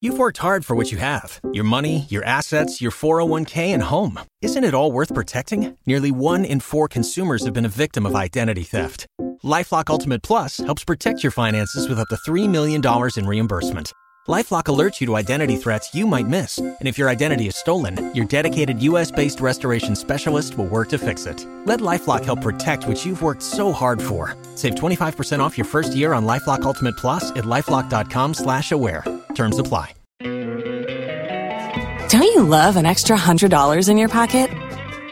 You've worked hard for what you have your money, your assets, your 401k, and home. Isn't it all worth protecting? Nearly one in four consumers have been a victim of identity theft. Lifelock Ultimate Plus helps protect your finances with up to $3 million in reimbursement. LifeLock alerts you to identity threats you might miss, and if your identity is stolen, your dedicated U.S.-based restoration specialist will work to fix it. Let LifeLock help protect what you've worked so hard for. Save 25% off your first year on LifeLock Ultimate Plus at lifeLock.com/slash-aware. Terms apply. Don't you love an extra hundred dollars in your pocket?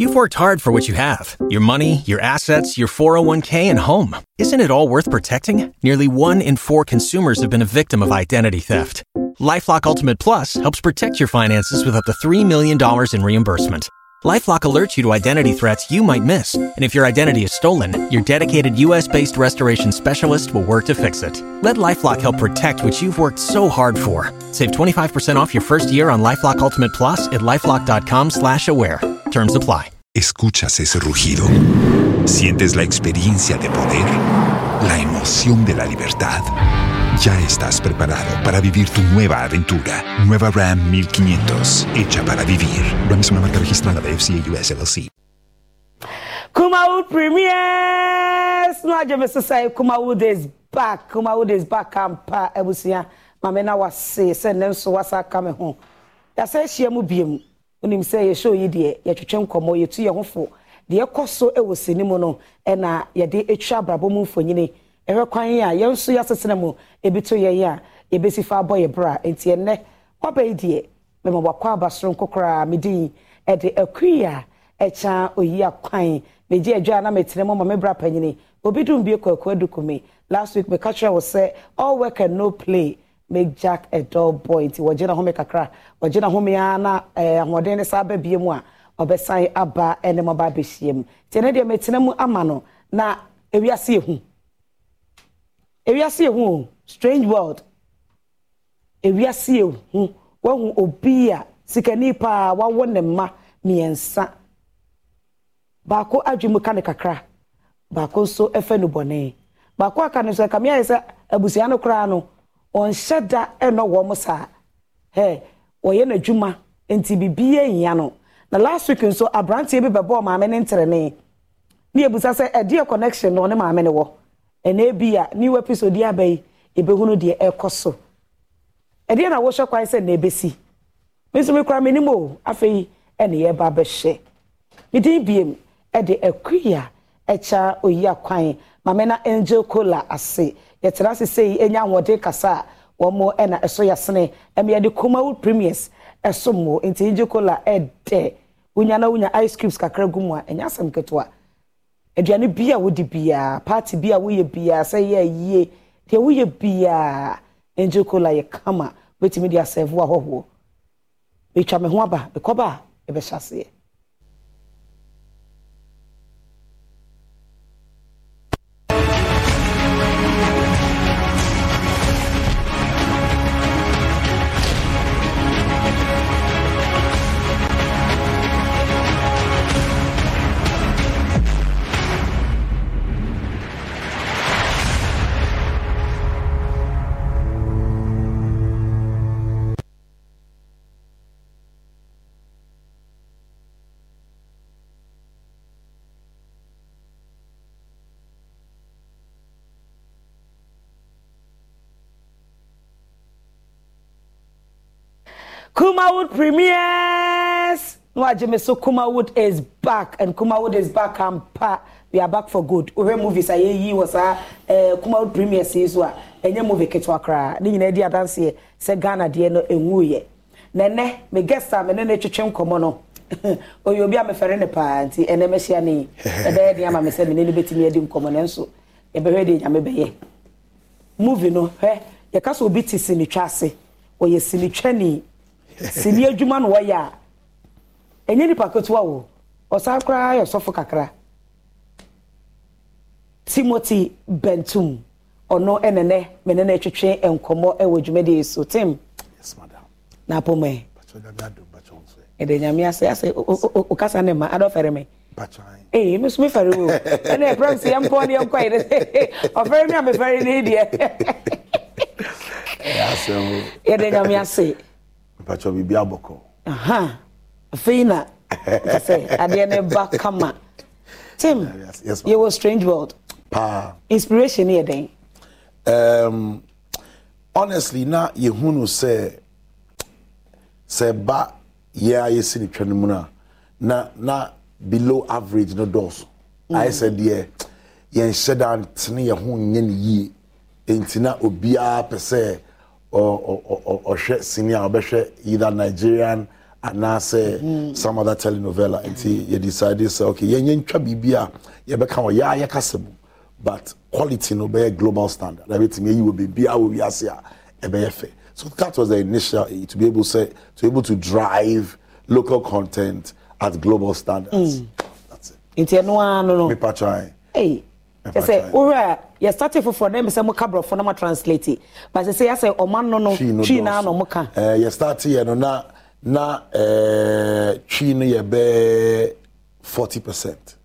You've worked hard for what you have your money, your assets, your 401k, and home. Isn't it all worth protecting? Nearly one in four consumers have been a victim of identity theft. Lifelock Ultimate Plus helps protect your finances with up to $3 million in reimbursement. LifeLock alerts you to identity threats you might miss, and if your identity is stolen, your dedicated U.S.-based restoration specialist will work to fix it. Let LifeLock help protect what you've worked so hard for. Save 25% off your first year on LifeLock Ultimate Plus at lifeLock.com/aware. slash Terms apply. ¿Escuchas ese rugido? ¿Sientes la experiencia de poder? ¿La emoción de la libertad? Ya estás preparado para vivir tu nueva aventura. Nueva Ram 1500, hecha para vivir. Ram es una marca registrada de FCA US LLC. Kumawood Premier! No, yo me say Kumawood is back. Kumawood is back. Kampa, ebusia. Mame na wase. Send them so wasa kame Ya se biemu. wonim sɛ yɛhyɛ oyi deɛ yɛtwetwe nkɔmmɔ yɛtu yɛ ho fo deɛ ɛkɔ so wɔ sini mu no ɛna yɛde atwa abrabɔ mu mfonyini ɛhwɛ kwan a yɛn nso yɛasetena mu ebi to yɛn a yɛbɛsi fa abɔ yɛ bra nti ɛnɛ waba yi deɛ mɛma wakɔ aba soro nkokoraa medin ɛde akui a ɛkya oyi akwan megye adwa na metena mu ma me bra panyini obi dum bie kɔ akua last week meka kyerɛ wo sɛ all work and no play make jack a dull boy nti wɔgye ne home kakra wɔgye ne home ara na eh, ahoɔden ne saa bɛbie mu a ɔbɛsan aba ne mu aba abɛhyia mu tie ne deɛ metena mu ama no na ewiase yɛ hu ewiase yɛ hu o strange world ewiase yɛ hu wɔhu obi a sikani paa wawo ne mma mmiɛnsa baako adwi mu ka ne kakra baako nso fɛ no bɔne baako aka ne nso kamea yɛ sɛ abusua no koraa no. ɔnhyɛ da ɛna wɔn mo saa hɛ ɔyɛ n'adwuma nti bibi yɛ no na last week nso aberanteɛ bi bɛbɔ maame ne nterene ne ebusa sɛ ɛdeɛ connection na ɔne maame ne wɔ ɛna ebi a new episode yi aba yi ebehunu deɛ ɛkɔ so ɛdeɛ na wɔhyɛ kwan sɛ na ebesi mi nso mi kura mi nim o afei ɛna yɛ ba bɛhyɛ mi din biem ɛde ɛkuya ɛkya oyi akwan maame na angel kola ase yɛtena ase sɛ ɛnya ahoɔden kasa a wɔn ɛna ɛso yɛsene ɛmi yɛde kumawu premiers ɛso mu nti ngye kola ɛdɛ wonya na wonya ice creams kakra gu mu a ɛnya asɛm ketewa aduane bi a wodi biara party bi a woyɛ biara sɛ yɛ yie deɛ woyɛ biara ngye kola yɛ kama wetumi de asɛɛfo ahɔhoɔ metwa me ho aba mekɔba a aseɛ. Kumawood premieres. Nwajime, so Kumawood is back, and Kumawood is back. I'm pa. We are back for good. We mm. movies. I ye was a uh, eh, Kumawood premieres is wa. Enye movie ketwa kra. Ni nyina di adanse ye. Se Ghana de no enwu ye. Nene, me guest am nene twetwe nkomo no. Oyo obi amefere ne pa nti ene me hia ni. Ebe di ama me se me ne betimi edi nkomo ne nso. Ebe hwe di nyame beye. Movie no, hwe. Yeka so obi tisi ni twase. Oyɛ sinitwani sini adwuma na wɔyɛ a ɛnyɛ nipa ketewa wo ɔsan koraa yɛ sɔfo kakra timothy bentum ɔno ɛnɛnɛ mɛnɛ na ɛtwitwe nkɔmɔ ɛwɔ dwumadie so tim na apɔmɔ yɛ ɛdɛ nyame ase ase okasa ne ma adɔfɛre me ee mi sún mi fẹrẹ wo ẹni ẹ pẹrẹ si ẹ ń pọ ni ẹ ń kọ yìí ọfẹrẹ mi àmì fẹrẹ ni ẹ diẹ yẹ nyame ase mpatsɔ biribi abɔkɔ. afei na kasɛ adeɛ ne ba kama tim yɛwɔ strange world. paa inspiration yɛ dɛn. Um, honestly na yɛhunu sɛ sɛ ba yɛ a yɛsi ne twa no mu no na na below average no dɔɔso mm. ayɛ sɛ deɛ yɛnhyɛ da ntene yɛ ho nyɛ ne yie nti na obiara pɛ sɛ ɔhwɛ sini a ɔbɛhwɛ either nigerian anaasɛ some other telenovela nti yɛ decide sɛ okay yɛnyɛ ntwa biribi a yɛbɛka wɔ yɛa yɛkasa mu but quality no bɛyɛ global standard ɛbɛtumi ayi wɔ biribi a wɔ wiase a ɛbɛyɛ e fɛ so that was the initial eh, to be able say to be able to drive local content at global standards. Mm. that's it. nti ɛnu ano no. mipa try. Hey. them, I wowura a yɛstate foforɔ na for them to translate it. but say, I say, Oman no no she naa no, moka yɛstate you know, na na twi no uh, yɛ uh, be 40 percent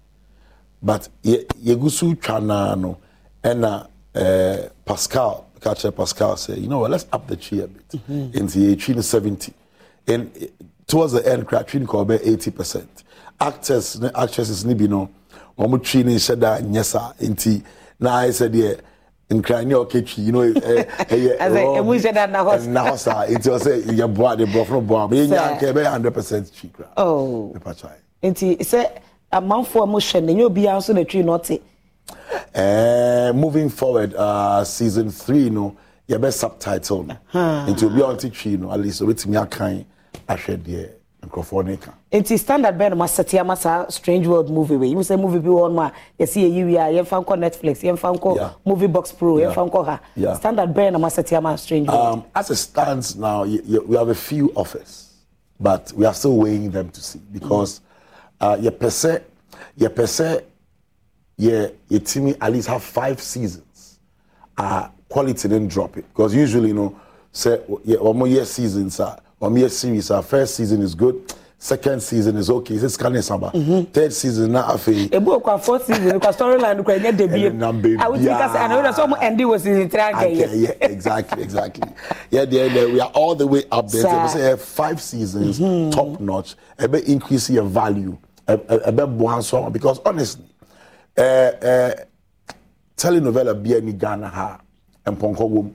but ye so twa naa no ɛna uh, pascal ka pascal say, you know what, let's up the twi a bit mm-hmm. nti yɛtwi no 70 and towards the end kra twi 80 percent actors actresses ne bi wɔn twi ne nhyɛ da nyɛ saa nti na ayɛ sɛ deɛ nkrani a ɔkɛ twi you know ɛyɛ ɛmu nhyɛ da na hɔ na hɔ saa nti ɔsɛ yɛ bɔ a de borɔfo bɔ a mo yɛ nya nkɛ ɛbɛyɛ hundred percent twi kura. ooo oh. nti sɛ amanfoɔ mo hwɛ no nyɛ obiara nso na twi na ɔte. moving forward uh, season three no yɛbɛ subtitle no nti obiara ɔte twi no at least obetumi akan ahwɛ deɛ nkurɔfoɔ no ka nti standard bɛn no ma sɛte ama saa strange world movie wei sɛ movie bi wɔ no a yɛsi yɛyi wi a yɛmfa nkɔ netflix yɛmfa nkɔ movie box pro yeah. yɛmfa nkɔ ha standard bɛn no ma sɛte ama strange world. Um, as it stands now we have a few offers but we are still weighing them to see because yɛpɛ sɛ yɛpɛ sɛ yɛ yɛtumi at least have five seasons uh, quality then drop it because usually you know sɛ wɔn yɛ seasons a wɔn yɛ series a first season is good second season is okay sɛ sika ne saba third season na afei ɛbu kwa fourth season kwa storyline kwa debi. kora ɛnyɛ debie awotika sɛ anawura sɛ ɔmo ɛndi wɔ season three ankɛyɛ exactly exactly yɛ deɛ deɛ we are all the way up there sɛ ɛbɛ five seasons mm -hmm. top notch ɛbɛ increase your value ɛbɛ e, e, boha so because honestly ɛɛ uh, eh, ɛɛ eh, telenovela bia ni ghana ha mpɔnkɔ wom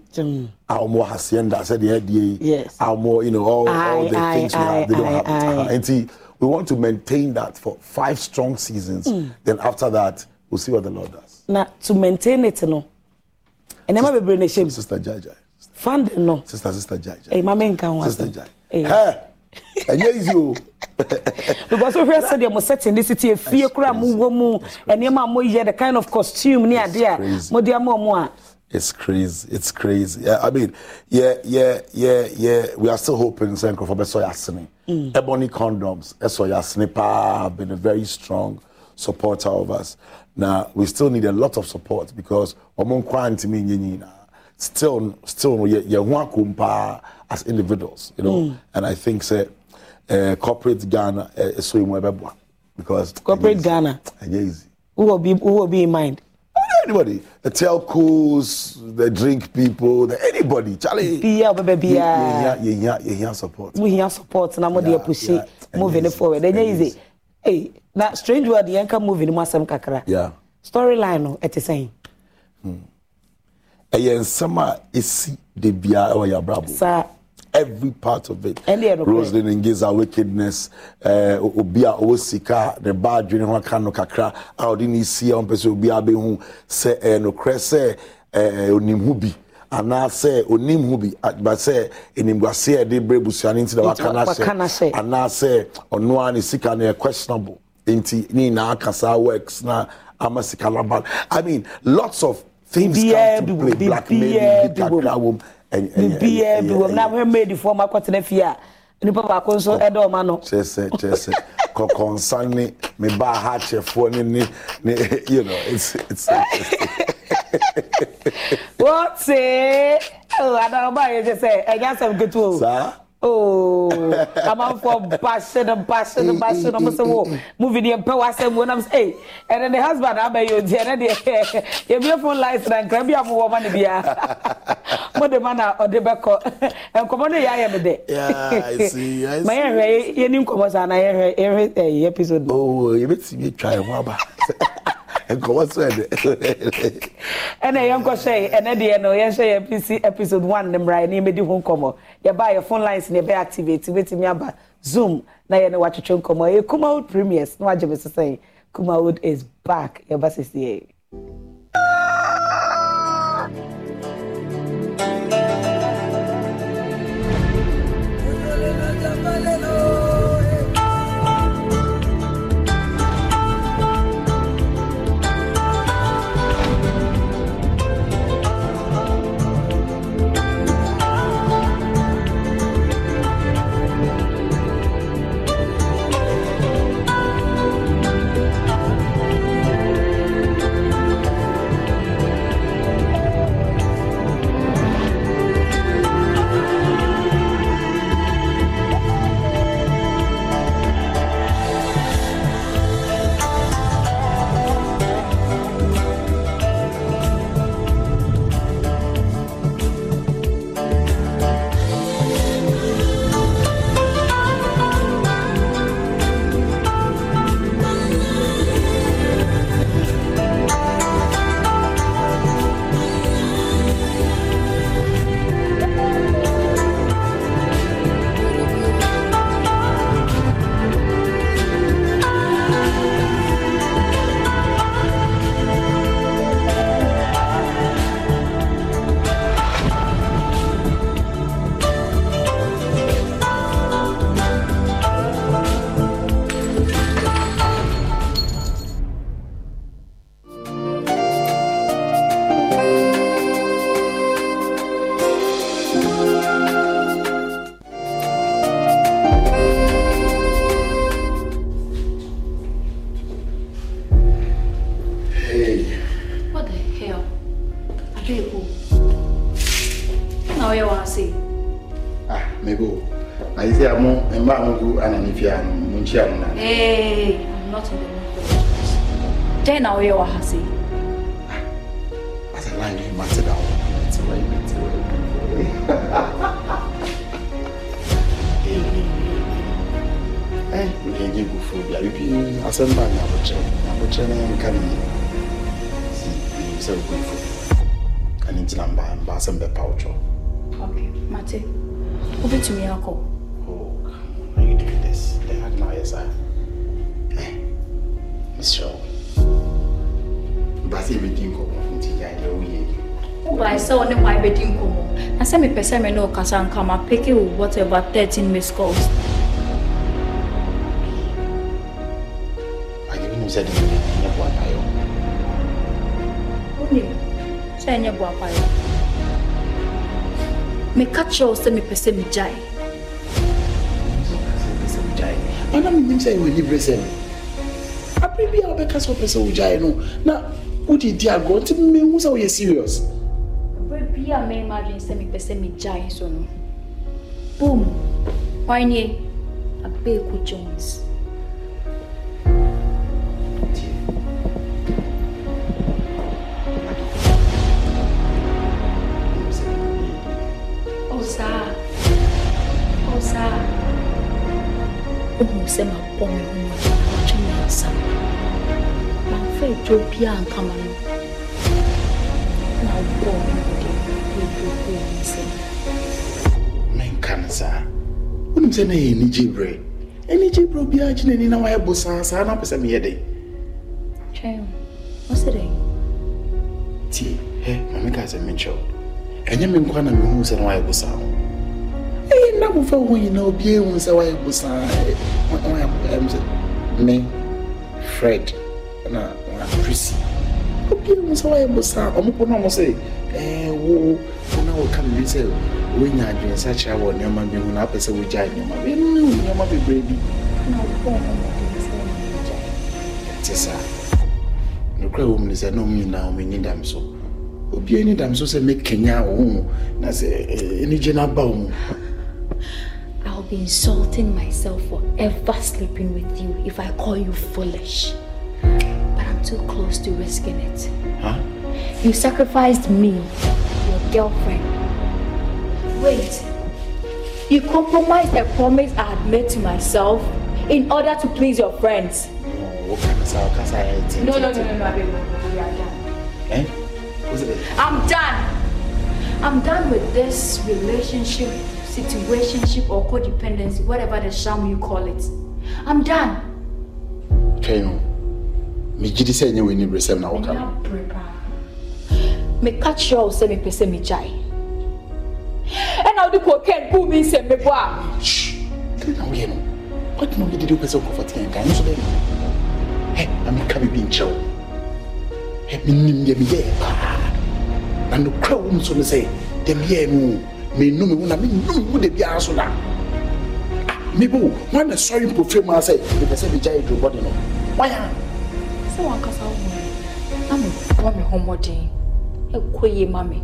a wɔn ha sienda sɛdeɛ ɛdeɛ yi a wɔn you know all all the things we have they don't have uh, nti we want to maintain that for five strong seasons mm. then after that we'll see what the lord does. na to maintain it no ɛnɛma bebree na ɛhyɛ mu sister jai jai funding no sister sister jai jai ɛyima mi nka ho sister jai hɛ ɛnyɛ easy o. because wohwɛ sɛ deɛ mo setting this city efie kora mo wɔ mu ɛnneɛma a mo yɛ the kind of costume ne adeɛ a mo de ama mo a. It's crazy. It's crazy. Yeah, I mean, yeah, yeah, yeah, yeah. We are still hoping Senko for Beso Yasini. Mm. Ebony condoms. Eso Yasini pa have been a very strong supporter of us. Now we still need a lot of support because among quarantine still still yeah as individuals, you know. Mm. And I think say uh, corporate Ghana is uh, eh, eh, so because corporate Ghana. who will be who will be in mind? anybody, the telcos, the drink people, the anybody, Charlie. Bia, baby, bia. Yeah, yeah, yeah, support. We hear support, and I'm going to push moving it forward. Then easy. Hey, now strange word, the anchor moving, some kakra. Yeah. Storyline, no, at hmm. the same. Hmm. Aye, in summer, esi de bia ɛwɔ yɛ abrabɔ every part of it. Roslyn engage our wickedness. Eh, Obia osika the bad dwene ho aka kakra. A odi ni si on pese be hu se eh no krese eh onim hu bi anaasɛ onim ho bi ba sɛ enimguase a yɛde bere busuani nti na waka na hyɛ anaasɛ ɔnoa ne sika no yɛ questionable nti ne nyinaa kasa works na ama sika laban i mean lots of things come to play black men bi kakra wɔm bibiaa bi wɔm na mmɛdifoɔ ma akɔtena fie a nipa baako nso ɛdɛ ɔma no kyɛsɛ kyɛsɛ kɔkɔnsa ne me baa ha kyɛfoɔ ne ne ne you know it's it's wɔte ɛwɔ adamaba yɛ kyɛ sɛ ɛnyɛ asɛm ketewa o Oh, I'm out for bashing and bashing and bashing. I'm saying, "Whoa, moving the empire was saying when I'm hey," and then the husband, I'm you, and then the your beautiful life and grab your woman in here. But the man uh, or the back uh, and come on the eye every day. Yeah, I see. I see. My hair, you knew come was an every eh, episode. Oh, you bet me try one nkɔmɔ sɛ ɛdɛ. ɛna yɛn nkɔ sɛ ɛnɛ deɛ no yɛn sɛ yɛn pc episode one ne mmara yɛn ni yɛbɛdi ho nkɔmɔ yɛba yɛ phone lines na yɛbɛ activate yɛbɛtumi aba zoom na yɛn no watwitwi nkɔmɔ ɛyɛ kumawood premiers na wagye mi sisan yi kumawood is back yɛba sisi yɛ. Ate, obi tumi akọ. Oh, are you doing this? Then heck now, yes, sir. Eh, Miss Shaw. Basi ebedi nkọmọ fún ti ya ẹ̀rọ yẹ. I saw ọ nípa ebedi nkọmọ. Na sẹ́mi pẹ̀sẹ̀ mi náà kasa nkà ma pékè with whatever thirteen missed calls. meka kyerɛ wo sɛ mepɛ sɛ megyae ana menim sɛ ɛwɔ niberɛ sɛ me aberɛ bia wobɛka sɛ wopɛ sɛ wogyae no na wode di agorɔ nti mehu sɛ woyɛ serious berɛ bia mɛma adwene sɛ mepɛ sɛ megyae so no bom ɔnyɛ abɛɛko jones pia nkamano na ubongo ke kuyibukumise menkansa wonim sɛ na yɛ anigye berɛ anigye berɛ obiaa gye n'ani na wayɛ bosaa saa na apɛ sɛ meyɛ dɛn twɛn wo sɛ dɛn tie hɛ ma meka sɛ menkyɛw ɛnyɛ me nkwa na mehu sɛ na wayɛ bosaa ho ɛyɛ nna mofa wo nyina obiaa hu sɛ wayɛ bosaa me fred na wura obiara nso ayɛ bɔ saa ɔmo kɔ ɔmo sɛ wo na wɔka mi sɛ wonya adwensa kyerɛ wɔ nneɛma bi ho na apɛ sɛ wogya nneɛma bi ɛno bebree bi te saa nokora wɔ mu ne sɛ na ɔmo nyinaa ɔmo dam so obiara ani dam so sɛ mekanya wo ho na sɛ anigye no aba wo mu I'll be insulting myself for ever sleeping with you if I call you foolish. too close to risking it. Huh? You sacrificed me, your girlfriend. Wait. You compromised a promise I had made to myself in order to please your friends. Oh, no, no, no, no, no, no, we are done. Eh? What's it? I'm done. I'm done with this relationship, situationship, or codependency, whatever the sham you call it. I'm done. Kayon, megye di sɛ ɛnyɛ w'ani berɛ sɛm na woka no meka kyerɛ wo sɛ mepɛ sɛ megyae ɛna wode kokan bu me nsɛm mebɔ a na woyɛ no wadena wode dede wopɛ sɛ wokɔfɔteɛ nka ɛno so dɛ na meka biribi nkyerɛ wo menim deɛ meyɛɛ paa na nokora wom so no sɛ deɛ meyɛɛ no menome wo na menome wo da biara so da mebo wana sɔre mpofrɛ mu a sɛ mepɛ sɛ megyae durubɔde no wayɛ sɛ wankasa wo mu na meboa me ho mmɔden ɛkɔ yie ma me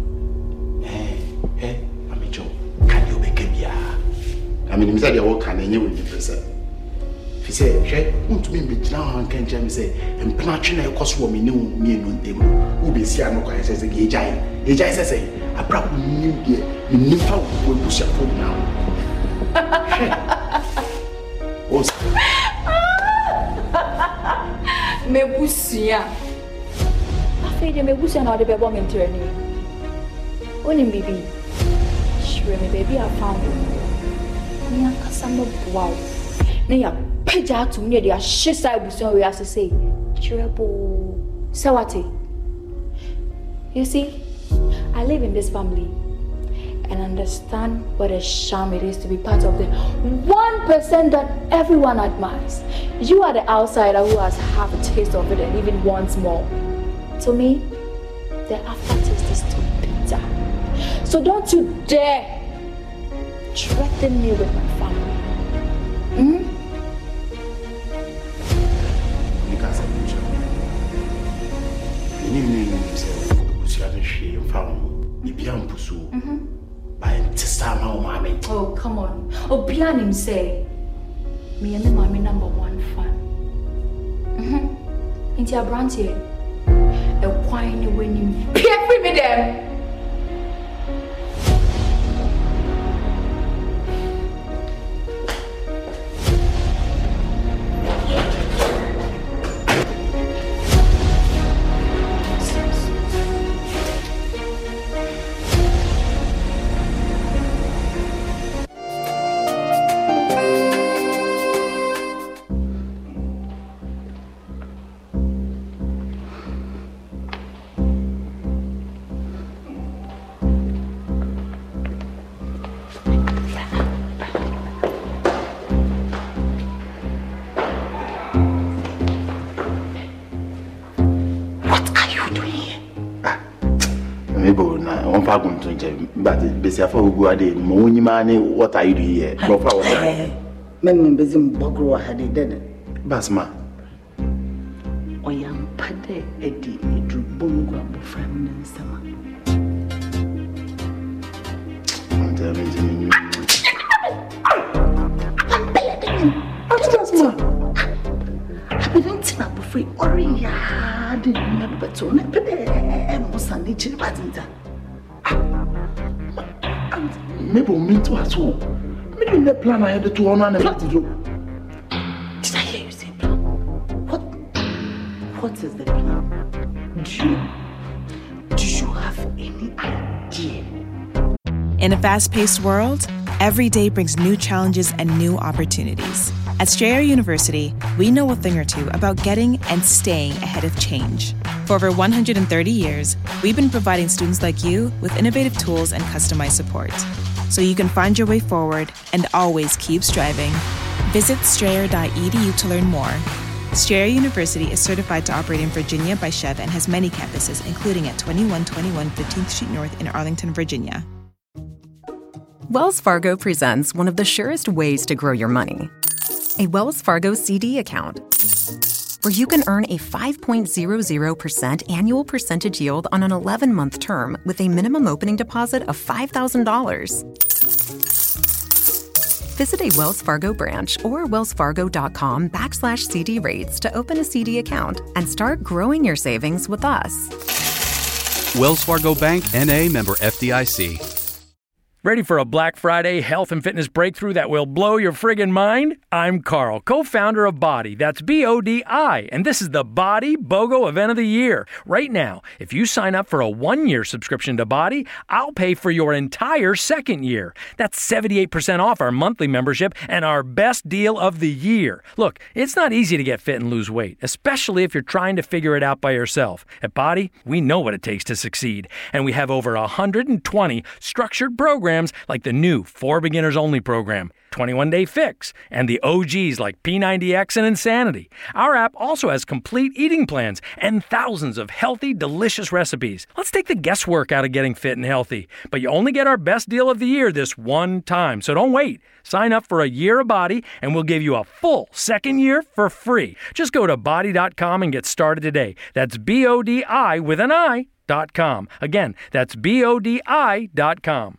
amekyɛw ka deɛ wobɛka biaa na menim sɛ deɛ wɔka no ɛnyɛ wɔnyimprɛ sɛ fi sɛ hwɛ wontumi mmɛgyina hɔ anka nkyerɛ me sɛ mpena twe na ɛkɔ so wɔ me ne wo mmienu ntam no wobɛsi ano kwaɛ sɛ sɛ yɛgyae yɛgyae sɛ sɛ abrabɔ nnim deɛ mennim fa wo abusuafoɔ nyinaa hwɛ mebusua afei deɛ mebusua na ɔde bɛbɔ me ntirani wonim biribi hyerɛ me baabi afa wo ne ankasa mɛboa wo na yɛapagya atom ne yɛde ahye saa abusua wei ase sei kyerɛ boo sɛ wate you see i live in this family and understand what a sham it is to be part of the 1% that everyone admires. You are the outsider who has half a taste of it and even wants more. To me, the aftertaste is too bitter. So don't you dare threaten me with my family. Mm? Mm-hmm. Oh, come on. Obian oh, him say, me and the mommy number one fan. Mm-hmm. Into a brandy, A wine winning. Pay me them. What are you doing basma. the and Did I hear you say plan? What, what is the plan? Do you, do you have any idea? In a fast paced world, every day brings new challenges and new opportunities. At Strayer University, we know a thing or two about getting and staying ahead of change. For over 130 years, we've been providing students like you with innovative tools and customized support so you can find your way forward and always keep striving. Visit strayer.edu to learn more. Strayer University is certified to operate in Virginia by Chev and has many campuses, including at 2121 15th Street North in Arlington, Virginia. Wells Fargo presents one of the surest ways to grow your money a Wells Fargo CD account where you can earn a 5.00% annual percentage yield on an 11 month term with a minimum opening deposit of $5,000. Visit a Wells Fargo branch or wellsfargo.com backslash CD rates to open a CD account and start growing your savings with us. Wells Fargo Bank NA member FDIC. Ready for a Black Friday health and fitness breakthrough that will blow your friggin' mind? I'm Carl, co founder of Body. That's B O D I. And this is the Body BOGO event of the year. Right now, if you sign up for a one year subscription to Body, I'll pay for your entire second year. That's 78% off our monthly membership and our best deal of the year. Look, it's not easy to get fit and lose weight, especially if you're trying to figure it out by yourself. At Body, we know what it takes to succeed, and we have over 120 structured programs programs like the new For Beginners Only program, 21 Day Fix, and the OGs like P90X and Insanity. Our app also has complete eating plans and thousands of healthy, delicious recipes. Let's take the guesswork out of getting fit and healthy. But you only get our best deal of the year this one time, so don't wait. Sign up for a year of body, and we'll give you a full second year for free. Just go to body.com and get started today. That's B O D I with an I. Dot com. Again, that's B O D I dot com.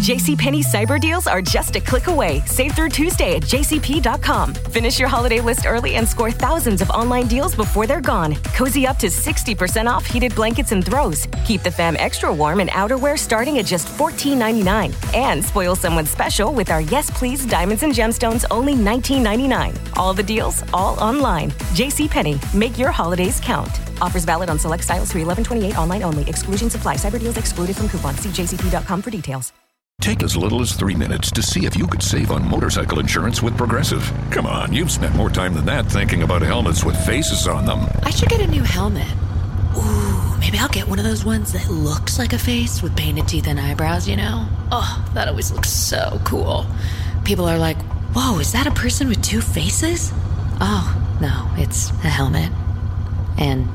JCPenney cyber deals are just a click away. Save through Tuesday at jcp.com. Finish your holiday list early and score thousands of online deals before they're gone. Cozy up to 60% off heated blankets and throws. Keep the fam extra warm in outerwear starting at just $14.99. And spoil someone special with our Yes Please Diamonds and Gemstones only $19.99. All the deals, all online. JCPenney, make your holidays count. Offers valid on select styles through 1128 online only. Exclusions apply. Cyber deals excluded from coupons. See jcp.com for details. Take as little as three minutes to see if you could save on motorcycle insurance with Progressive. Come on, you've spent more time than that thinking about helmets with faces on them. I should get a new helmet. Ooh, maybe I'll get one of those ones that looks like a face with painted teeth and eyebrows, you know? Oh, that always looks so cool. People are like, whoa, is that a person with two faces? Oh, no, it's a helmet. And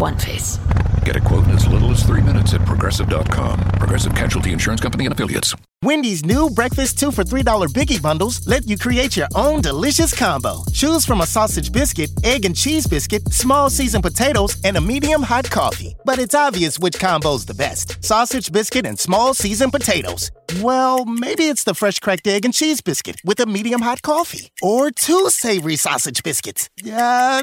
one face. Get a quote in as little as three minutes at progressive.com. Progressive Casualty Insurance Company and affiliates. Wendy's new breakfast two for $3 biggie bundles let you create your own delicious combo. Choose from a sausage biscuit, egg and cheese biscuit, small seasoned potatoes, and a medium hot coffee. But it's obvious which combo's the best sausage biscuit and small seasoned potatoes. Well, maybe it's the fresh cracked egg and cheese biscuit with a medium hot coffee, or two savory sausage biscuits. Uh...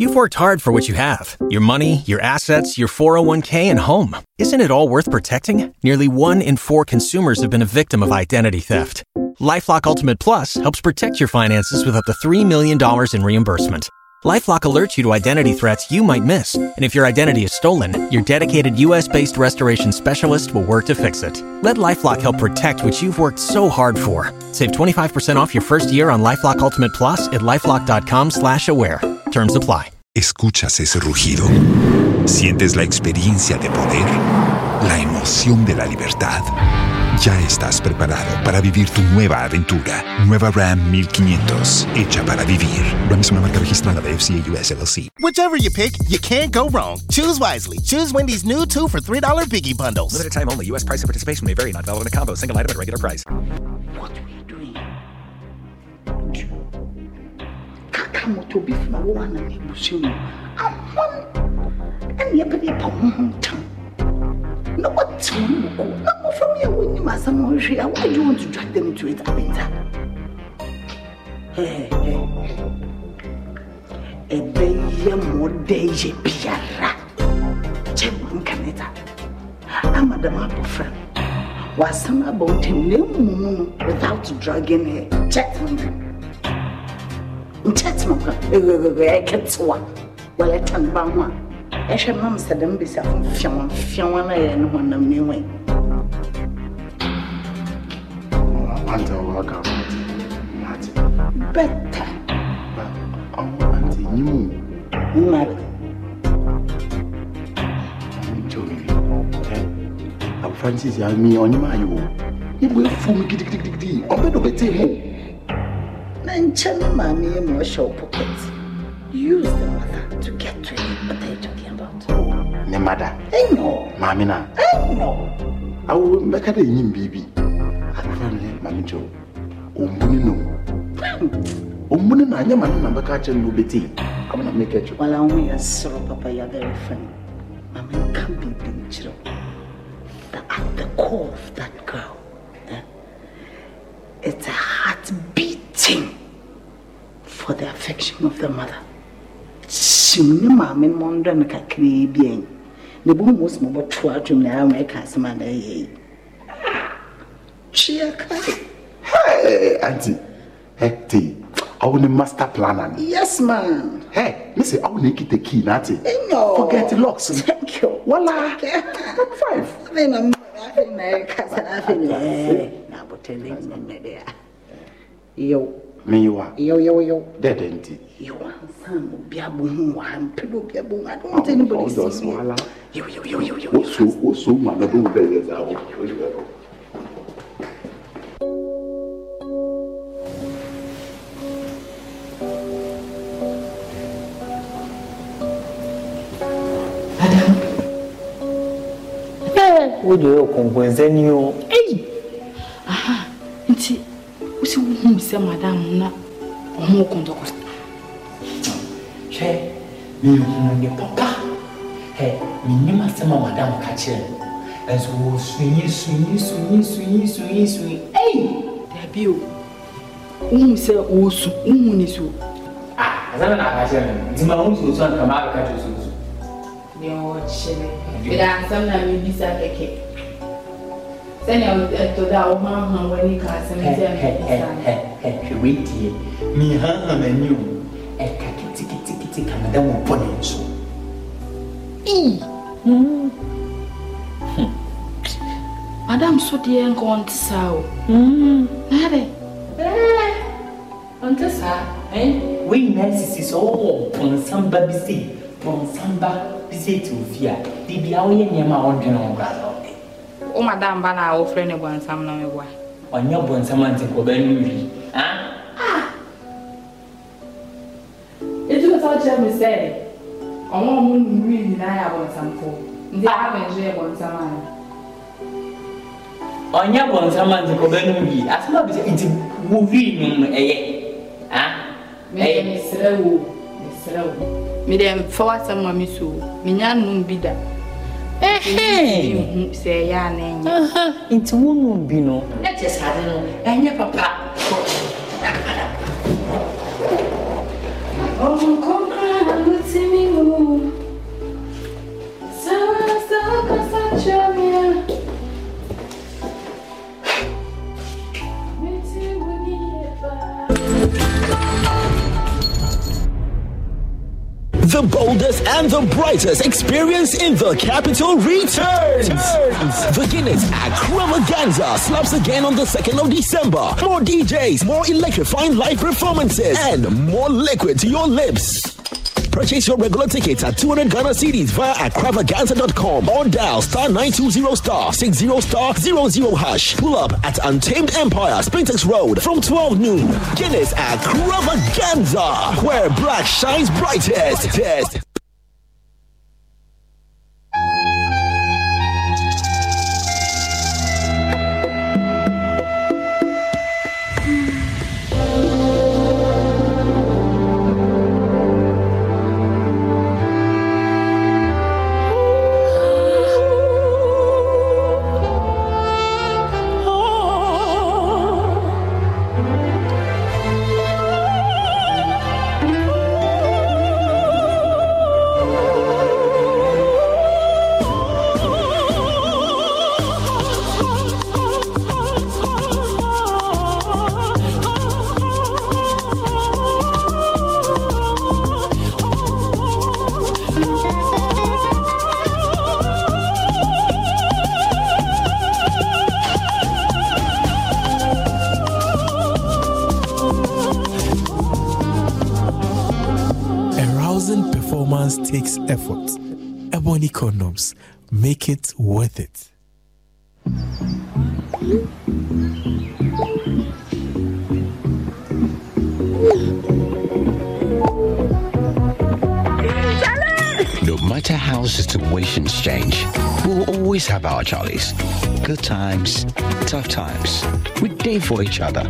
You've worked hard for what you have your money, your assets, your 401k, and home. Isn't it all worth protecting? Nearly one in four consumers have been a victim of identity theft. Lifelock Ultimate Plus helps protect your finances with up to $3 million in reimbursement. LifeLock alerts you to identity threats you might miss, and if your identity is stolen, your dedicated U.S.-based restoration specialist will work to fix it. Let LifeLock help protect what you've worked so hard for. Save 25% off your first year on LifeLock Ultimate Plus at lifeLock.com/aware. Terms apply. ¿Escuchas ese rugido? ¿Sientes la experiencia de poder? ¿La emoción de la libertad? Ya estás preparado para vivir tu nueva aventura. Nueva Ram 1500, hecha para vivir. Ram es una marca registrada de FCA US LLC. Whichever you pick, you can't go wrong. Choose wisely. Choose Wendy's new 2 for $3 Biggie Bundles. Limited time only. US price and participation may vary. Not valid in a combo. Single item at regular price. aka mmɔtɔ obi fi ma wɔn ma na ebusua mu ahom ɛna yɛpɛ de pa wɔn ho ntam na wɔte wɔn mu ko na mmɔfra mu yɛ wɔn anim asɛm wɔn hwɛ a wɔn adi wɔn to dwa dɛm to ɛta ɛta ɛbɛyɛ mmɔdɛyɛ biara kyɛ wɔn kaneta ama dɛm abɔfra wasɛm abɔ wɔn tɛm na emu mu no without dragging her kyɛ tɛm. nkyɛ tena kora ɛwɛwɛwɛ ɛketewa wɔyɛ tan ba ho a ɛhwɛ mam sɛ dɛm besiafo mfiawa mfiawa no yɛ ne ho nam ne wɛn Anta wa ka mati. Beta. Ọmọ àǹtí yín mú. Mmadụ. Francis, I mean, on your mind, you will form gidigidi. Ọbẹ̀ dọ̀bẹ̀ tẹ̀ mú. Nanchani Mami and your show pockets. Use the mother to get to him. What are you talking about? Ne mother. Hey no. Mami na. Hey no. I will make her in baby. I don't know, Mami Joe. Umbuni oh, no. Umbuni oh, na anya mami na mbaka ache nubeti. I'm gonna make her Well, I'm here, sorrow, Papa. You're very funny. Mama can't be dangerous. The, at the core of that girl, eh? it's a heartbeat for the affection of the mother. Sune maame no ɔndɔ no kakraa bi anyi. Na ebi mu sɛ mobɛto adwom na ɛwɔ ɛka asɛm a na ɛyɛ yi. Twi aka. Hey, auntie. Hey, tea. awo ni master planner yes ma'am. ẹ mi sẹ awo ni kìtẹ kii náà ti. ẹyọ forget locks. thank you. wala top five. a bẹ na mọ a bẹ na kasa a bẹ na ẹ na bọtẹ ne nyẹ ne de ya. yow meyewa yow yow yow dɛdɛ nti yow ansan obi abo ho wa mpele obi abo ho i don't ah, want anybody to see me yow yow yow yow yow woso woso mu ana bɛn bɛn yɛ zaa wɔ. Adam. Ẹ wo de ọkùnkùn ẹ̀sẹ̀ ni o. sɛ madam na ɔmo kɔntɔkɔtɔ. hwɛ mehunu nipa pa hɛ menim asɛm a madam ka kyerɛ no ɛnso wɔ sunyi sunyi sunyi sunyi sunyi sunyi ei dabi o wohu sɛ wɔsu wohu ne so asɛm na aka kyerɛ no nti ma wo nsuo so anka maabɛka kyerɛ so so deɛ wɔkyerɛ bɛda asɛm na mebisa kɛkɛ sɛnea ɛtɔ da a woma ha w'ani ka asɛm sɛ mebisa ɛhwɛwe die mihanham ani o ɛka kitikitikiti ka meda wɔ bɔne nso mm-hmm. madam so deɛ nka ɔnte saa o mm-hmm. eh, eh? na dɛ ɔnte saa wei nyinaa sisi sɛ wowɔ pɔnsamba bi se pɔnsamba bi se te ofie a debia woyɛ nneɛma a wɔdwene wo kora sɛ wo madam ba na a wɔfrɛ ne bɔnsam na meboa ɔnyɛ bɔnsam a nti nkɔbɛno wie kyerɛ me sɛ ɔmo a ɔmo nuru nyinaa yɛ abɔnsamfo nti aha bɛnso yɛ bɔnsam a ɔnyɛ bɔnsam a nti kɔbɛ no yi asɛm a bisɛ nti wowi num ɛyɛ a ɛyɛ mesrɛ wo mesrɛ wo mede mfa w'asɛm ma me so menya nnom bi da sɛ ɛyɛ a na ɛnyɛ nti wonom bi no ɛkyɛ sade no ɛnyɛ papa Sarah, Sarah, Sarah, Sarah, The boldest and the brightest experience in the capital returns. returns. The Guinness at Cramaganza slaps again on the 2nd of December. More DJs, more electrifying live performances, and more liquid to your lips. Purchase your regular tickets at 200 Ghana CDs via at cravaganza.com or dial star 920 star 60 star 00 hash. Pull up at Untamed Empire, Spintex Road from 12 noon. Guinness at Cravaganza, where black shines brightest. Test. effort. Ebony condoms make it worth it. No matter how situations change, we'll always have our Charlies. Good times, tough times. We day for each other.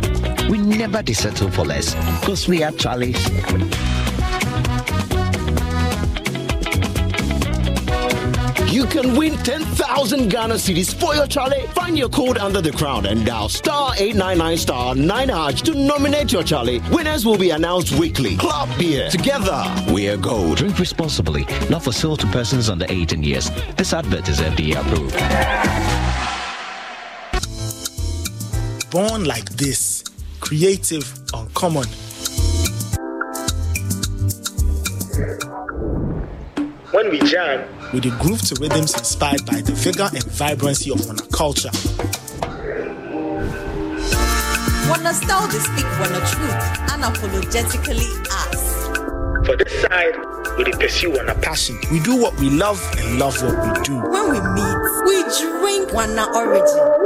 We never settle for less because we are Charlies. you can win 10,000 Ghana cities for your Charlie. Find your code under the crown and dial star 899 star 9 h to nominate your Charlie. Winners will be announced weekly. Club beer. Together, we are gold. Drink responsibly. Not for sale to persons under 18 years. This advert is FDA approved. Born like this. Creative, uncommon. When we jam, with the groove to rhythms inspired by the vigor and vibrancy of Wana culture. Wana style to speak Wana truth unapologetically us. For the side, we pursue Wana passion. We do what we love and love what we do. When we meet, we drink Wana origin.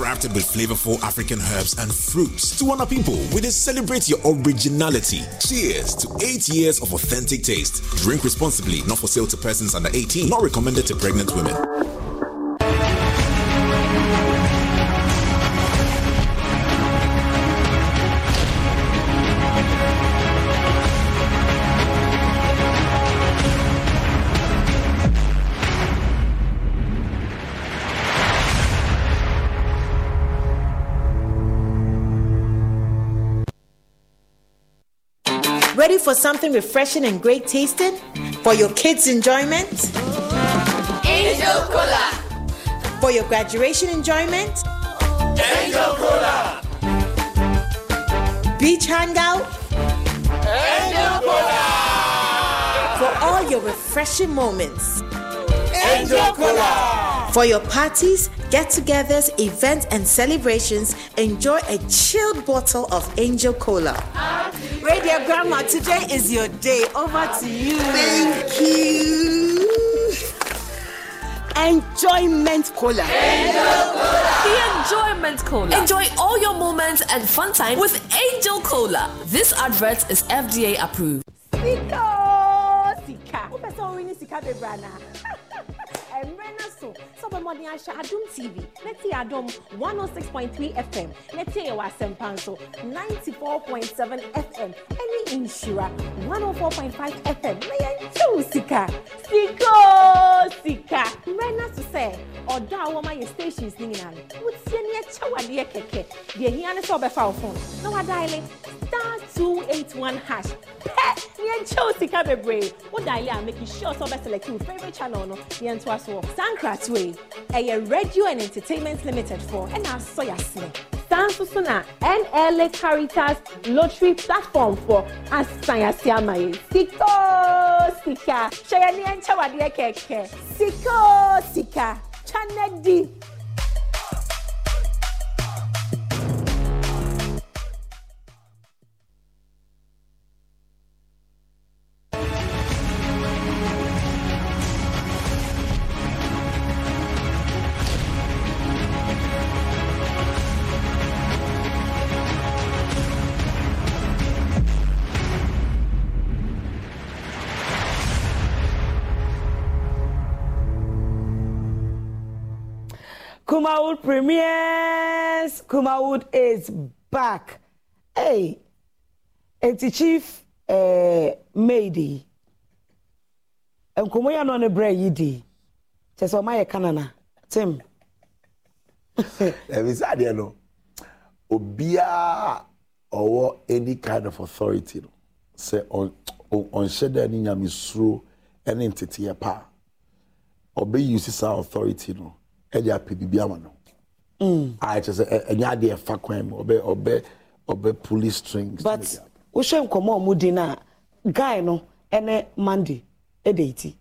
craft with flavorful African herbs and fruits to honor people we just celebrate your originality. Cheers to eight years of authentic taste. Drink responsibly, not for sale to persons under 18, not recommended to pregnant women. Ready for something refreshing and great tasting for your kids' enjoyment? Angel Cola. For your graduation enjoyment? Angel Cola. Beach hangout? Angel Cola. For all your refreshing moments? Angel Cola. For your parties, get togethers, events, and celebrations, enjoy a chilled bottle of Angel Cola. Radio Grandma, today is your day. Over to you. Thank you. Enjoyment Cola. Angel Cola. The Enjoyment Cola. Enjoy all your moments and fun time with Angel Cola. This advert is FDA approved. Sika! Sika! Who person winning Sika Bebrana? mmerɛ no so sɛ wɔbɛmmɔden ahyɛ adom tv ne te adom 106.3 fm ne te yɛwɔ asɛmpa nso 94.7 fm ɛne nhyira 104.5 fm na yɛnkyɛw sika siko sika mmerɛ no so sɛ ɔdɔ a wɔma yɛ stations ne nyinaa no wotie ne ɛkyɛw adeɛ kɛkɛ deɛ hia ne sɛ wɔbɛfa wo phone na wadaele star 281 hash pɛ ne yɛnkyɛw sika bebree wodaele a making sure sɛ wɔbɛselect wo favorite channel no yɛntoa so for sankratwe a radio and entertainment limited for ɛna asɔ yasɛ saa nso so na nla caritas lottery platform for asan yasɛ ama yɛ sikoo sika hyɛ yɛn ni ɛnkyɛwadeɛ kɛkɛ sikoo sika twa na Kumawood premieres. Kumawood is back. Hey, eti chief eh, Meidi. Nkomo ya no ne brɛ yi di. Kyɛ sɛ ɔma kanana. Tim. Ɛbi sá adeɛ no, obiara ɔwɔ any kind of authority no sɛ ɔnhyɛ dɛ ne nyamesuro ne nteteɛ paa. Ɔbɛyi si saa authority no ɛde apɛ biribi ama no mm. a ah, sɛ ɛnyɛ eh, eh, adeɛ ɛfa kwan mu ɔbɛ ɔbɛ ɔbɛ police strings but wohwɛ nkɔmmɔ a mudi na guy no ɛne monday ɛda ɛti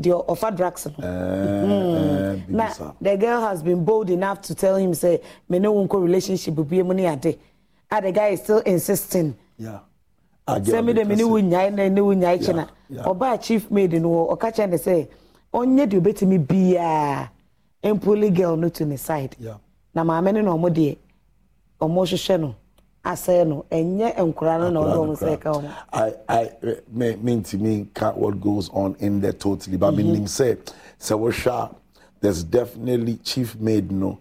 deɛ ɔfa drugs no eh, mm. na the girl has been bold enough to tell him say me ne wo relationship bie mu ne ade Ah the guy is still insisting yeah. Ah, sɛ mede me ne wo nyae na ne wo nyae kyena ɔbaa chief maid no hɔ ɔka kyerɛ ne sɛ ɔnyɛ deɛ ɔbɛtumi biaa mpoli girl no to ne side na maame no na ɔmo deɛ ɔmo hyehyɛ no asɛe no ɛnyɛ nkura no na ɔde ɔmo sɛ ɛka ɔmo. i i me me ntumi nka what goes on in there totally but mi mhm. nim sɛ sɛ wohwɛ a there is definitely chief maid no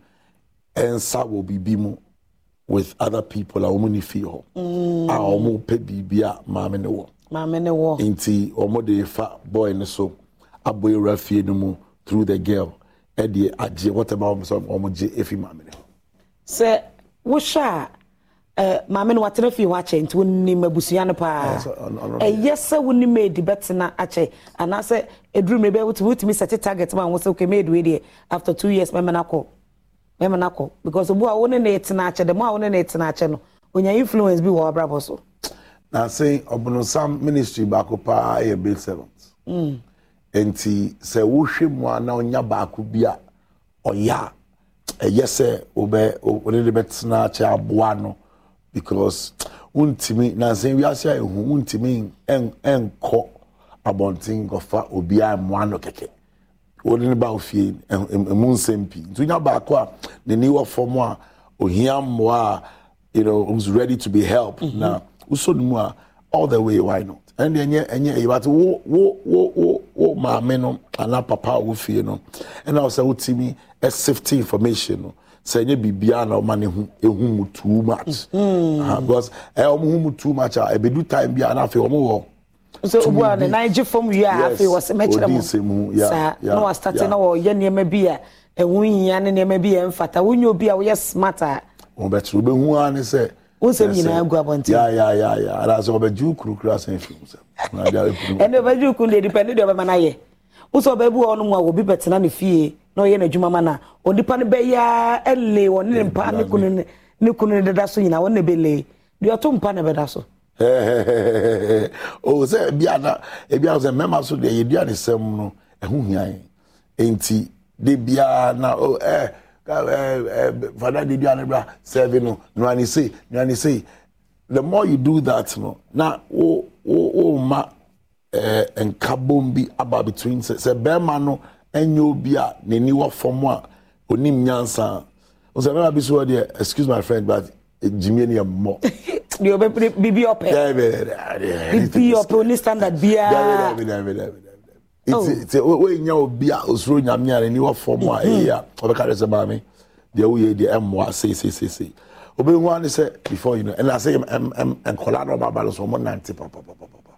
ɛnsa wɔ bibi mu with other people a wɔn ni fi hɔ a wɔn mm. pɛ biribi a maame no wɔ. maame no wɔ. nti wɔn de fa boy no so abɔ ewura fie no mu through the girl ɛde agye wɔtɛma wɔn sɛ wɔn gye efi maame no. sɛ wohyɛ a ɛɛ maame no watena fi hɔ akyɛ nti wonim abusua no paa ɛyɛ sɛ wonim edi bɛtena akyɛ anaasɛ eduru mmiri bɛyɛ wotumi wotumi sɛte target ma wɔn sɛ okay mɛ eduwe deɛ after two years mɛmɛ nakɔ mɛmɛ nakɔ because obu a wɔne ne tena akyɛ dɛm a wɔne ne tena akyɛ no onya influence bi wɔ ɔbrabɔ so. na se ɔbɔnsam ministry baako paa yɛ bill servant. Mm nti sɛ wohwɛ mu a na ɔnya baako bi a ɔyɛ a ɛyɛ sɛ wobɛ wode de bɛtena kyɛ aboa no because wontumi nansa wiase a ɛhu wontumi ɛnkɔ abɔnten nkɔfa obiara mmoa no kɛkɛ wode ne ba wo fie ɛmu nsɛm pii nti wonya baako a n'ani wɔ fam a ohia mmoa a you know who's ready to be helped mm -hmm. na wosɔ no mu a all the way why no ɛne ɛnyɛ ɛnyɛ ɛyɛ bati wo wo wo wo wo maame no anaa papa a wofie no ɛna ɔsɛ wotumi ɛsifti information no sɛ ɛnyɛ biribiara na ɔma ne ho ehu mu too much mm-hmm. because ɛyɛ ɔmo hu mu too much a ebedu time bi a na afei ɔmo wɔ nso obu a ne nan gye fam wie a afei wɔsɛ mɛkyerɛ mu saa na wasate na wɔyɛ nneɛma bi a ɛho nyia ne nneɛma bi yɛ mfata wonye obi a woyɛ smart a wɔn bɛkyerɛ wobɛhu ara ne sɛ wosɛm nyinaa gu abɔnten anaasɛ ɔbɛgye wo kuru kura asɛn firi sɛm ɛne ɔbɛgye wo kuru deɛ nipa ne deɛ ɔbɛma no ayɛ wosɛ ɔbaabi wɔ no mu a wɔbi bɛtena ne fie na ɔyɛ n'adwuma ma no a onipa no bɛyɛ a ɛle wɔ ne mpa ne kunu ne kunu ne deda so nyinaa wɔn na bɛle deɛ ɔto mpa na bɛda so o oh, sɛ ebi ana ebi ana sɛ mmarima so deɛ yɛdua ne sɛm no ɛho hia yɛn nti de biara na o oh, ɛɛ Father Didi Anibra, seven, no, Nuani say, Nuani say. The more you do that, no, now, oh, oh, oh, ma, and kabom bi aba between, say, Berma, no, and you be a, ne niwa form one, onim nyansa. Ose, remember, be so, excuse my friend, but Jimmy, ni mo. Bibi ọpẹ. Bibi ọpẹ, oní standard bia nti oh. wonya obi a osuro nyame a n'ani wɔ fam a ɛyɛ mm-hmm. a ɔbɛka dɛ sɛ maame deɛ woyɛ deɛ ɛmmoa seeseesei obɛhu a ne sɛ before you know ɛna sɛ nkɔlaa na ɔbaaba no so ɔmo nante papapapapa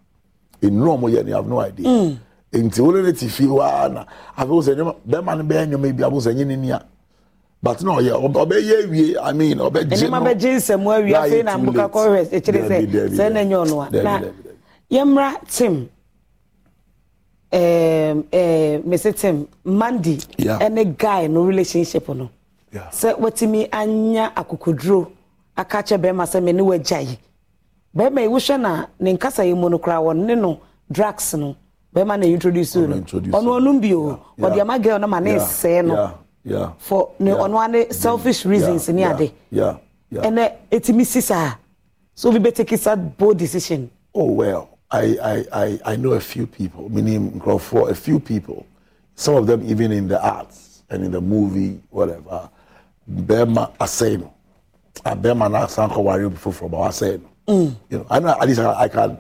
nnuro a ɔmoyɛ no you have no idea mm. nti wole ne ti fie waa na afei wosɛ nneɛma bɛrima no bɛyɛ nneɛma bi a wosɛ nye ne nia but na ɔyɛ ɔbɛyɛ awie i mean ɔbɛgye no nneɛma bɛgye nsɛm awie afei na mbɔkakɔ hwɛ ekyiri sɛ sɛ ɛna nyɛ ɔno a na yɛmmra tim mesetem mandi ɛne guy no relationship no sɛ watumi anya akokoduro aka kyɛ bɛrima sɛ me ne yi bɛrima yi wohwɛ na ne nkasa yi mu no koraa wɔn ne no drugs no bɛrima na introduce no ɔno ɔnom bio ɔde ama girl no ma ne nsɛɛ no for ne ɔno ane selfish reasons ne ade ɛnɛ ɛtumi si saa so obi bɛteki sa bold decision oh well I, I, I, know a few people, meaning for a few people, some of them even in the arts and in the movie, whatever. Bema Aseno. Ah, Bema Nasanko Wario before from Aseno. Mm. You know, I know at least I, I can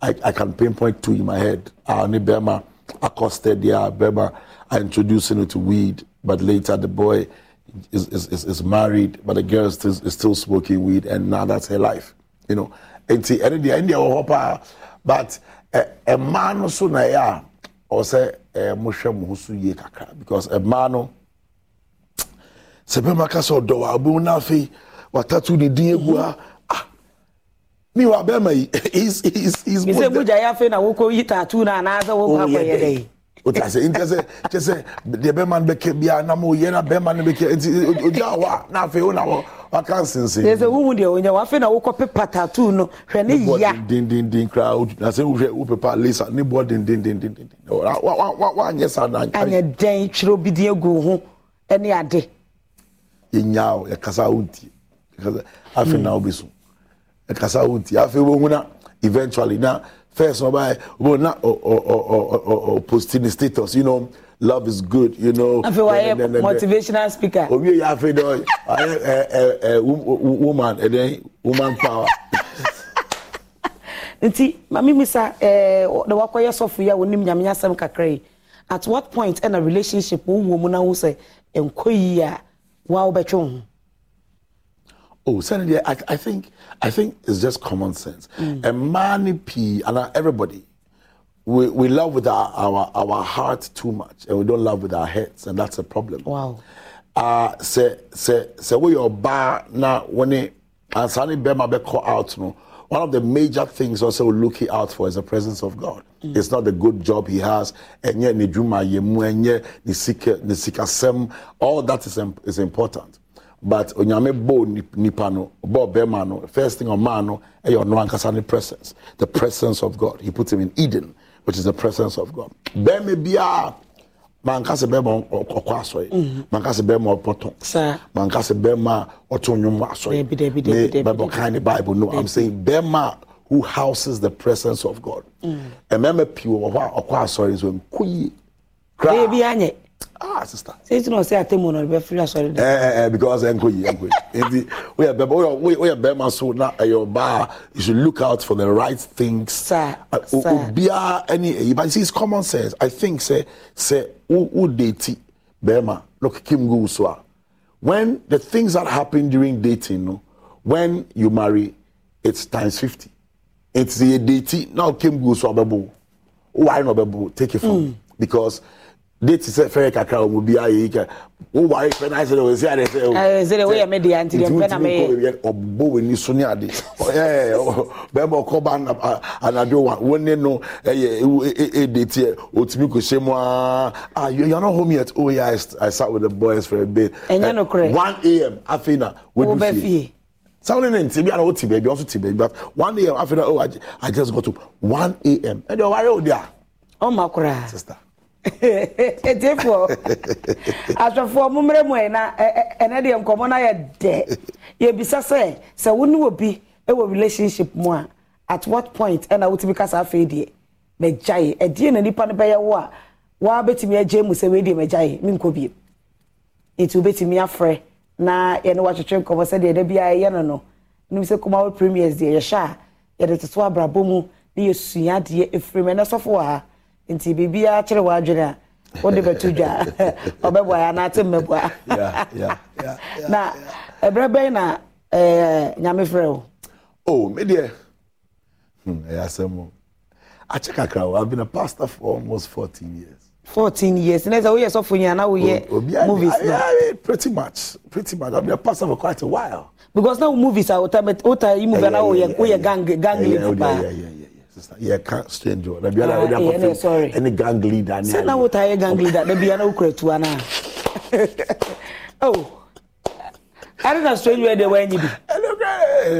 I, I, can pinpoint two in my head. I ah, Bema accosted yeah, Bema I introduced him to weed, but later the boy is, is, is, married, but the girl is, is, still smoking weed and now that's her life. You know. And see, and the, and the, but mmaa eh, no so na ɛyɛ a ɔsɛ eh, mohwɛ mo ho so yie kakra because mmaa no oh, sɛ bɛma ka sɛ watatu din egu ha ah mi wa bɛma yi ise buja ya fe na woko yi na anaza woko akɔyɛ dɛ yi. o ta se n bia na na o oh, oh, ja wa o na paka nsensen. yẹ sẹ wuhu deɛ onyaa wafɛ na wokɔ pepa tattoo no hwɛ ne ya. ne bɔ dendenden koraa na sɛ wohwɛ wo pepa laser ne bɔ dendendenden wa wa wa wa anyɛ saa na. anyɛ dɛn twerɛ bi di egu ho ɛne ade. enya o ɛkasa awo nti afei na hmm. obi so ɛkasa awo nti afei wo hu na eventually na first na ɔba yɛ na ɔ ɔ ɔ ɔ ɔ posti ne status you know love is good you know. afi wa ye motivational speaker. obi eyi afi dɔ ɛ ɛ woman ɛdɛ woman power. nti maame mi sa ɛɛ eh, na wakɔyɛ sɔfo yi a wɔnim nyame asɛm kakra yi at what point ɛna relationship wo wɔ mu na wo sɛ nkɔ yi a wa wobɛtwe wo ho. Oh, Senator, I, I think I think it's just common sense. Mm. And money, pee, and everybody, we, we love with our, our, our heart too much and we don't love with our heads, and that's a problem. Wow. Uh, say, say, say, we are bar now when it and Sani Bema call out. No, one of the major things also looking out for is the presence of God. Mm. It's not the good job he has, and yet Nijuma Yemu, and yet Nisikasem, all that is, is important. But onyame bo nipa no, bo bema first thing on man no, your no ankasa presence, the presence of God. He puts him in Eden. which is the presence of God. Bẹ́ẹ̀ni bíyà mankasi bẹ́ẹ̀ ma ọkọ asọ̀yẹ mankasi mm-hmm. bẹ́ẹ̀ ma ọpọtọ mankasi bẹ́ẹ̀ ma ọtún nyọmọ asọ̀yẹ ní bẹ́ẹ̀ kan ní bible no i'm saying bẹ́ẹ̀ ma who houses the presence of God. Mm. Ẹ̀mẹ́mẹ́ pii wọ̀ hɔ a ọkọ asọ̀yẹ nso nkú yie. Bẹ́ẹ̀ bí a nyẹ ah sister. ṣé tí wọn ṣe àtẹ̀mọ̀ náà bẹ fílẹ̀ sọ̀rọ̀ dẹ. ẹ eh, ẹ eh, eh, because ẹ n kò yí ẹ n kò yí nti ó yẹ bẹẹ ó yẹ bẹẹ ma so na ẹ yọ ọba you should look out for the right things. sa sa obiara ẹni èyí but see it's common sense i think sẹ sẹ ó ó déètì bẹẹ ma lọkì kí n gò so a when the things that happen during dating no when you marry it's times fifty it's the déètì now kí n gò so abẹ bò ó wà á na ọbẹ bò take it from mm. because date sɛ fɛn kakra wɔn bi ayɛ yi kɛ wo fɛn ayɛ sɛ wɔn si ayɛ sɛ o. ɛɛ sɛ de woyɛ mi di yan ti de fɛn na mi yɛ. ɔbɔ wɛ ni suni adi ɛɛ bɛɛma ɔkɔba anadio wa wɔn ne no ɛyɛ eh, e eh, eh, date yɛ otumi ko se mu aa ah, ah you are not home yet oh yeah I, i sat with the boys for a bit. ɛnyɛ no korɛ. one am afei na wadu fie. wo bɛ fie. sáwọn ní ntì bí ara ó ti bẹẹbi ọsùn ti bẹẹbi one am afei oh i, I just got up one am ẹ de ọwari òde a. ọmọ akura. sister tiefoɔ asɔfoɔ mummerɛ mu ɛna ɛnɛ deɛ nkɔmɔ no ayɛ dɛ yɛbisa sɛ sɛ wo ne obi wɔ relationship mu a at what point ɛna wotumi kasa afei deɛ mɛgyae ɛdeɛ na nipa no bɛyɛ wo a waa bɛtumi agye mu sɛ wedeɛ mɛgyae menkɔ biem nti wobɛtumi afrɛ na yɛne watwetwe nkɔmɔ sɛdeɛ da biara ɛyɛ no no nim sɛ kɔmawo premiers deɛ yɛhyɛ a yɛde toto abrabɔ mu ne yɛsua adeɛ ɛfiri mu ɛnɛ sɔfo wɔ ha nti biribiara kyerɛ w'adwene a wode bɛto dwa ɔbɛboa yɛ anaate mmɛboa na ɛberɛ bɛn na eh, nyame frɛ wo o oh, me hmm, ɛyɛ asɛm o akyɛ kakra o i've been a pastor for almost fourteen years fourteen years ne sɛ woyɛ sɔfo nyina na woyɛ movies na pretty much pretty much i've been a pastor for quite a while because na wo movies a wota wota yi movie na woyɛ woyɛ gang gang lead paa yɛka strange na bia na wɔde akɔfem ɛne gang leader ne sɛ na wota yɛ gang leader na bia na wokura tuwa no a oh ɛne na strange wɛ deɛ woanyi bi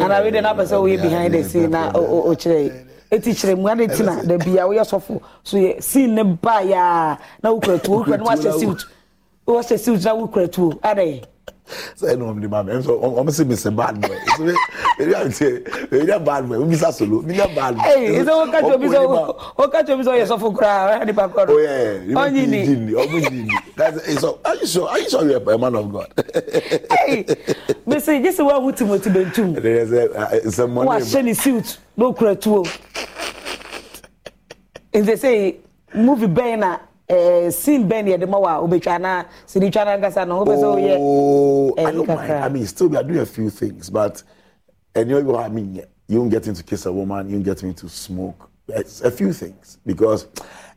ana wei deɛ na apɛ sɛ woyɛ behind the scene na ɔkyerɛ ɛti kyerɛ mu ade tena da bia woyɛ sɔfo so yɛ scene ne baeɛ a na wokura tuo wokura ne woahyɛ siwt woahyɛ siwt na wokura tuo adɛn sɛ ɛna ɔmo de ma mɛ nso ɔmo si mi sɛ bad boy nso mi ebi a tiɛ ebi a bad boy omi sa solo mi nya bad boy. ɛyi sɛ o kati omi sɛ o kati omi sɛ o yɛ sɔfo kura ɛni pa kɔrɔ. o yɛ ɔnyi ni ɔnyi ni ni that's it so are you sure are you sure you a man of God. ɛyi bisi jesi wa wu timoti bentum. ɛdɛ sɛ sɛ mɔni. wa se ni siwutu n'o kura tuwo. nse se movie bɛyina ɛɛ eh, sin bɛɛ ni yɛde ma wa o bɛ twa ah, na sini twa na nkasa na o bɛ sɛ o yɛ ɛyi kakra. I mean still we are doing a few things but and you know I mean you don't get me to kiss a woman you don't get me to smoke it's a few things because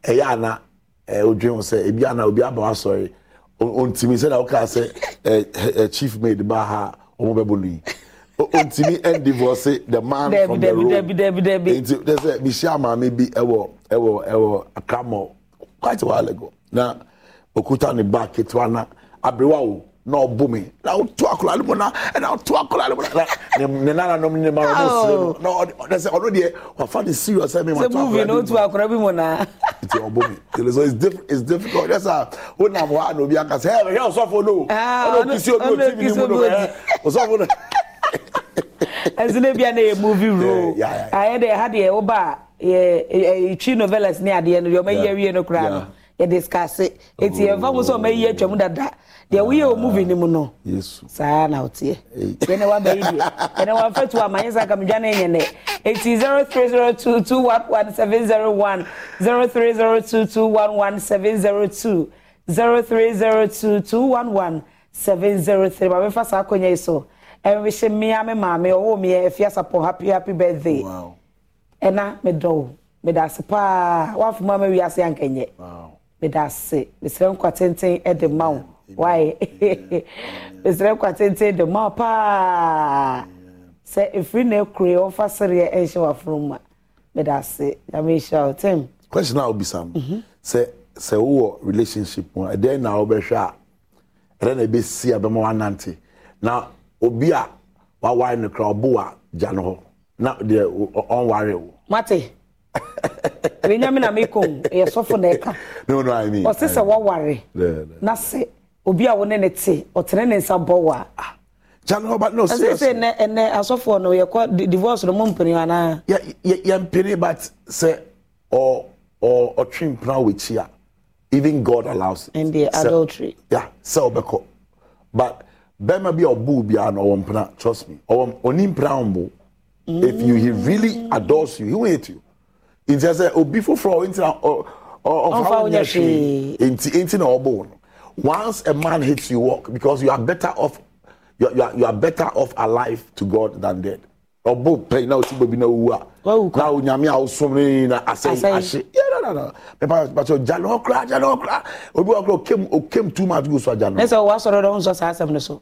ɛyɛ ana ɛɛ o dwen o sɛ ebi ana ah, obi aba wa sɔre eh, ontimi sɛ na o kaa sɛ ɛɛ eh, chief maid ba ha ɔmo bɛ bolo yi. ontimi and divorce the man from the road. Debi debi debi debi. Nti sɛ mi si ama mi bi ɛwɔ ɛwɔ ɛwɔ akamɔ quite a while ago na okuta ni ba ketewa na aberewa o na ɔbu mi na ɔtu akɔla ne mu na ɛna ɔtu akɔla ne mu na ne ne nananom ne ma ɔmo sere mu na ɔde sɛ ɔno deɛ wafa de serious ɛmi ma tu akɔla ne mu na akɔla bi mu na nti ɔbu mi tele so it's diff it's difficult ɛsɛ a o nam hɔ a na obi aka sɛ ɛyɛ ɛyɛ ɔsɔfo o ɔno okisi obi oti bi ni mu no ɛyɛ ɔsɔfo no. ɛsɛ ne bia na yɛ movie role ayɛ dɛ ha deɛ ɔba a yɛtwi eh, eh, novellas eh. ne adeɛ no deɛ ɔmayi awie no koraa no yɛdiskase eti yɛmfa ho sɛ ɔmayi atwa mu dada deɛ woyɛ o movie no mu no saa na ɔteɛ yɛne wabɛyi deɛ yɛne wamfa tu amanyɛ sɛ akamedwa no ɛnyɛ nɛ eti zero three zero two two one one seven zero one zero three zero two two one one seven zero two zero three zero two two one one seven zero three maame fa saa akonnwa yi so ɛnwehyɛ mmea me maame ɔwɔ mmea efiasa pɔ happy happy birthday. Wow ɛna medɔ wo meda ase paa woafoma ma wiase anka nyɛ meda ase mesrɛ nkwa tenten de ma wo waayɛ mesrɛ nkwa tenten de ma wo paa sɛ ɛfiri na akure wɔmfa sereɛ nhyɛ waforo ma meda ase nyame hyira wo tim question a wobisa no mhm. sɛ sɛ wowɔ relationship mu ɛdɛn na wobɛhwɛ a ɛdɛn na ɛbɛsi a bɛma na obi a wawae no kora ɔbo a gya no hɔ na deɛ ɔnware wo. mate benyame na meko ɛyɛ e sɔfo na ɛka e no no i mean ɔsi sɛ wɔware na sɛ obi a wɔne ne te ɔtene ne nsa bɔ wa. kyanu ah, ɔba no seriously ɛsɛ sɛ ɛnɛ asɔfo no yɛkɔ divorce no mu mpini ana. yɛ yɛ mpini but sɛ ɔ ɔ ɔtwi mpina wɔ with ya, even god allows it. the adultery. Yeah, sɛ ɔbɛkɔ but bɛrima bi a ɔbu bi a na ɔwɔ trust me ɔwɔ onim mpina ɔmbo. If you he really adores you, he will hate you. Nti sɛ obi foforɔ nti na ɔfa wonya hwee nti nti na ɔbɔ no. Once a man hates you walk because you are better off you are, you are, you are better off alive to God than dead. Ɔbɔ pɛn na osi bobi na owu a. Na onyame a osom ne na asɛn ahye. Yeah no no no. Pepa pato jalo okra jalo okra. Obi wa okra okem came too much go so jalo. Nse wa sɔrɔ dɔn nsɔ saa asɛm ne so.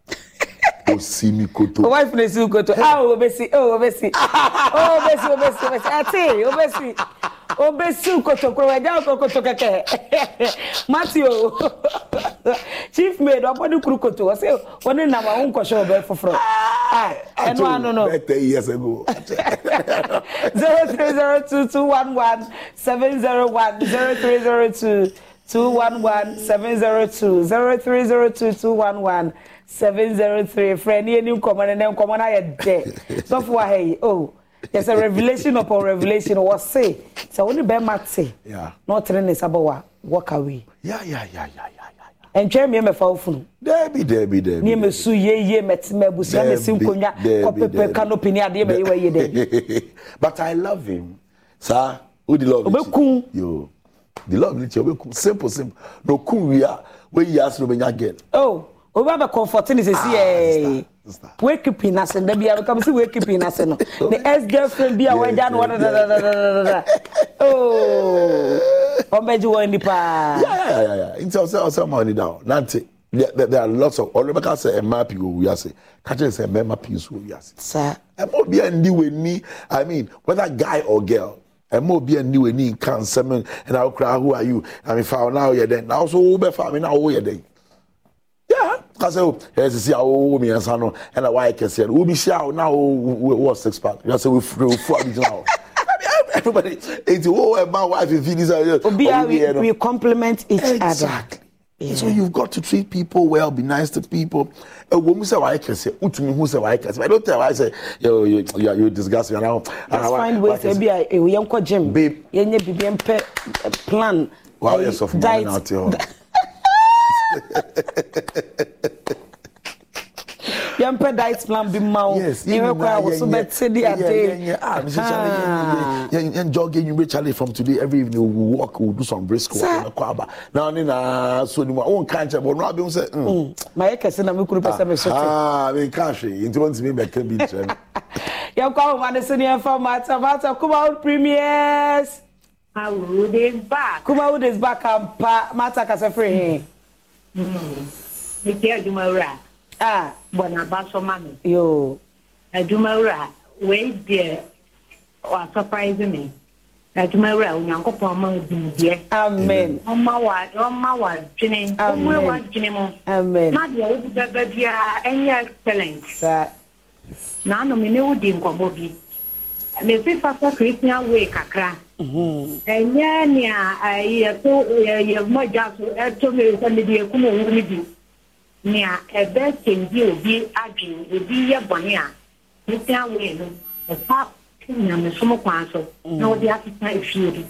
O osi mi koto. ọwọ́ ìfúnni sí koto a ah, o bẹ́sì ò bẹ́sì ò bẹ́sì o bẹ́sì ò o àti ò bẹ́sì ò bẹ́sì koto kúrò ẹ̀jẹ̀ ọkọ̀ koto kẹ̀kẹ́ mati o chief maid ọ̀pọ̀ni kuru koto ọ̀sẹ̀ wọn ní nàmà òun kọ̀ṣẹ́ ọ̀bẹ fọfọrọ ah, ẹnu àánú nù. bẹ́ẹ̀ tẹ iye ṣe go. zero three zero two two one one seven zero one zero three zero two. 211-702-0302-211-703 friend yẹn ní nkɔmɔ ní ní nkɔmɔ náà yɛ dɛ sɔfo wa ha yi o yɛ sɛ revolution upon revolution wɔ se sɛ wɔn ni bɛrima te na ɔtene ne nsa bɔ wa walk away. ntwɛn mi mɛfa ofunu. dɛbi dɛbi dɛbi. ní ɛmɛ su yie yie mɛti Me busua mɛ si nkonya kɔpɛpɛ kanopi ni adeɛ mɛ yi wa yie dɛ. but i love him sir. Who di love you. o bɛ kun the lord ni kyerɛ obekum simple simple na okum wia weyi asiri obenya girl. oh obi abɛ kɔnfɔti ni sisi yɛɛ wakekeeping na se no dabi abɛka mi si wakekeeping na se no ne ex girlfriend bi a wɔagya no wɔda dadadadada oh ɔmɛgye wɔn ni paa. nti ɔsɛ ɔsɛ ɔmɔ ni da o nante there there are lots of ɔlọmọka sɛ mmaa pii wɔ wiase kakyɛ sɛ mmarima pii nso wɔ wiase. saa. ɛmɔ bi a ndi wɔ ni i mean whether guy or girl ɛmɛ obi ɛni w'ani nka nsɛm ɛna okura who are you na mi fa ɔna ɔyɛ dɛ na ɔso wo bɛ fa mi na ɔwɔ yɛ dɛ yeah kasa o ɛyɛ sisi awo wo mmiɛnsa no ɛna w'ayɛ kɛseɛ no obi hyia o na o wɔ six pack yasɛ ofu ofu abidjan o everybody eti wo ɛma wa fifi nisa obi a we complement each other. Yeah. So you've got to treat people well, be nice to people. A woman say, "Why can say utumi who say why can say?" I don't tell why I say, "Yo, you, you, you disgust eh, me." Now, Let's and find ways. Maybe I, we yanko gym. Babe, yenye bibi empe plan. Wow, yes, of diet. out here. yɛmpɛ diet plan bi ma wo ɛwɛ kɔ a wo so bɛte de ade yɛn jog enwumere challenge from today every evening we walk we do some brisk walk ɛna kɔ aba na ɔne na so ni mu a wɔn kan kyɛ bɔ ɔno abɛn sɛ. ma yɛ kɛse na mi kuru pɛsɛ mi sotɛ. aa mi nka ahwɛ nti wɔn ti mi bɛ kɛ bi nkyɛn mi. yɛn kɔ ahoma ne so ni yɛn fa mata mata kumaw premiers. Kumawood is back. Kumawood is back and pa mata kasɛ firi hin. Hmm. mi kí ɛ jumawura. a bɔnaba so ma mi. yoo. adumawura wa surprise me, adumawura onyankopɔn ma dundiɛ. amen. ɔma wa wa dwene. amen wa dwene mu. amen. na deɛ o bɛbɛ na anum ne wo di nkɔmɔ bi mefi papa christian way kakra. ɛnyɛ nea yɛ to yɛ mɔgya so ɛto mi sɛ mi di nea ebe kendi obi adwi obi yɛ bɔne a nsi awee no ɔfa nyamesom kwan so na wɔde ateta efie bi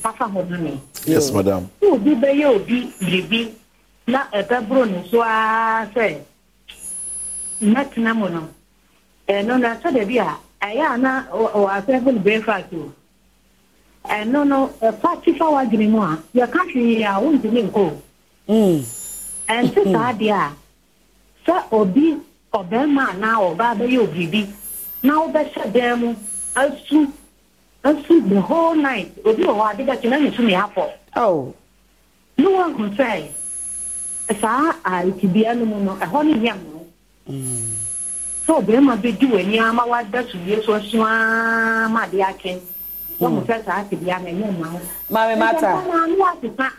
fafa hɔ no ne yes madam na obi bɛyɛ obi biribi na ɛbɛboro ne so aa sɛ mɛtena mu no ɛno na sɛ bi a ɛyɛ a na wɔ asɛfo no breakfast o ɛno no ɛfa tifa w'adwene mu a ka hwee a wontumi nkɔ nko. ɛnti saa deɛ a sɛ obi ɔbɛrima anaa ɔbaa bɛyɛ obiribi na wobɛhyɛ dan mu asu asu the whole night obi wɔ hɔ ade bɛkye na nusu ne afɔ ne wahu sɛ saa atibea no mu no ɛhɔ no yɛ mo sɛ ɔbɛrima bɛdi w'ani ama wada sumie so asuaa ma de akye wɔn mo sɛ saa atibea no ɛnyɛ mma ho maame mata ɛnti ɛnna ano asepa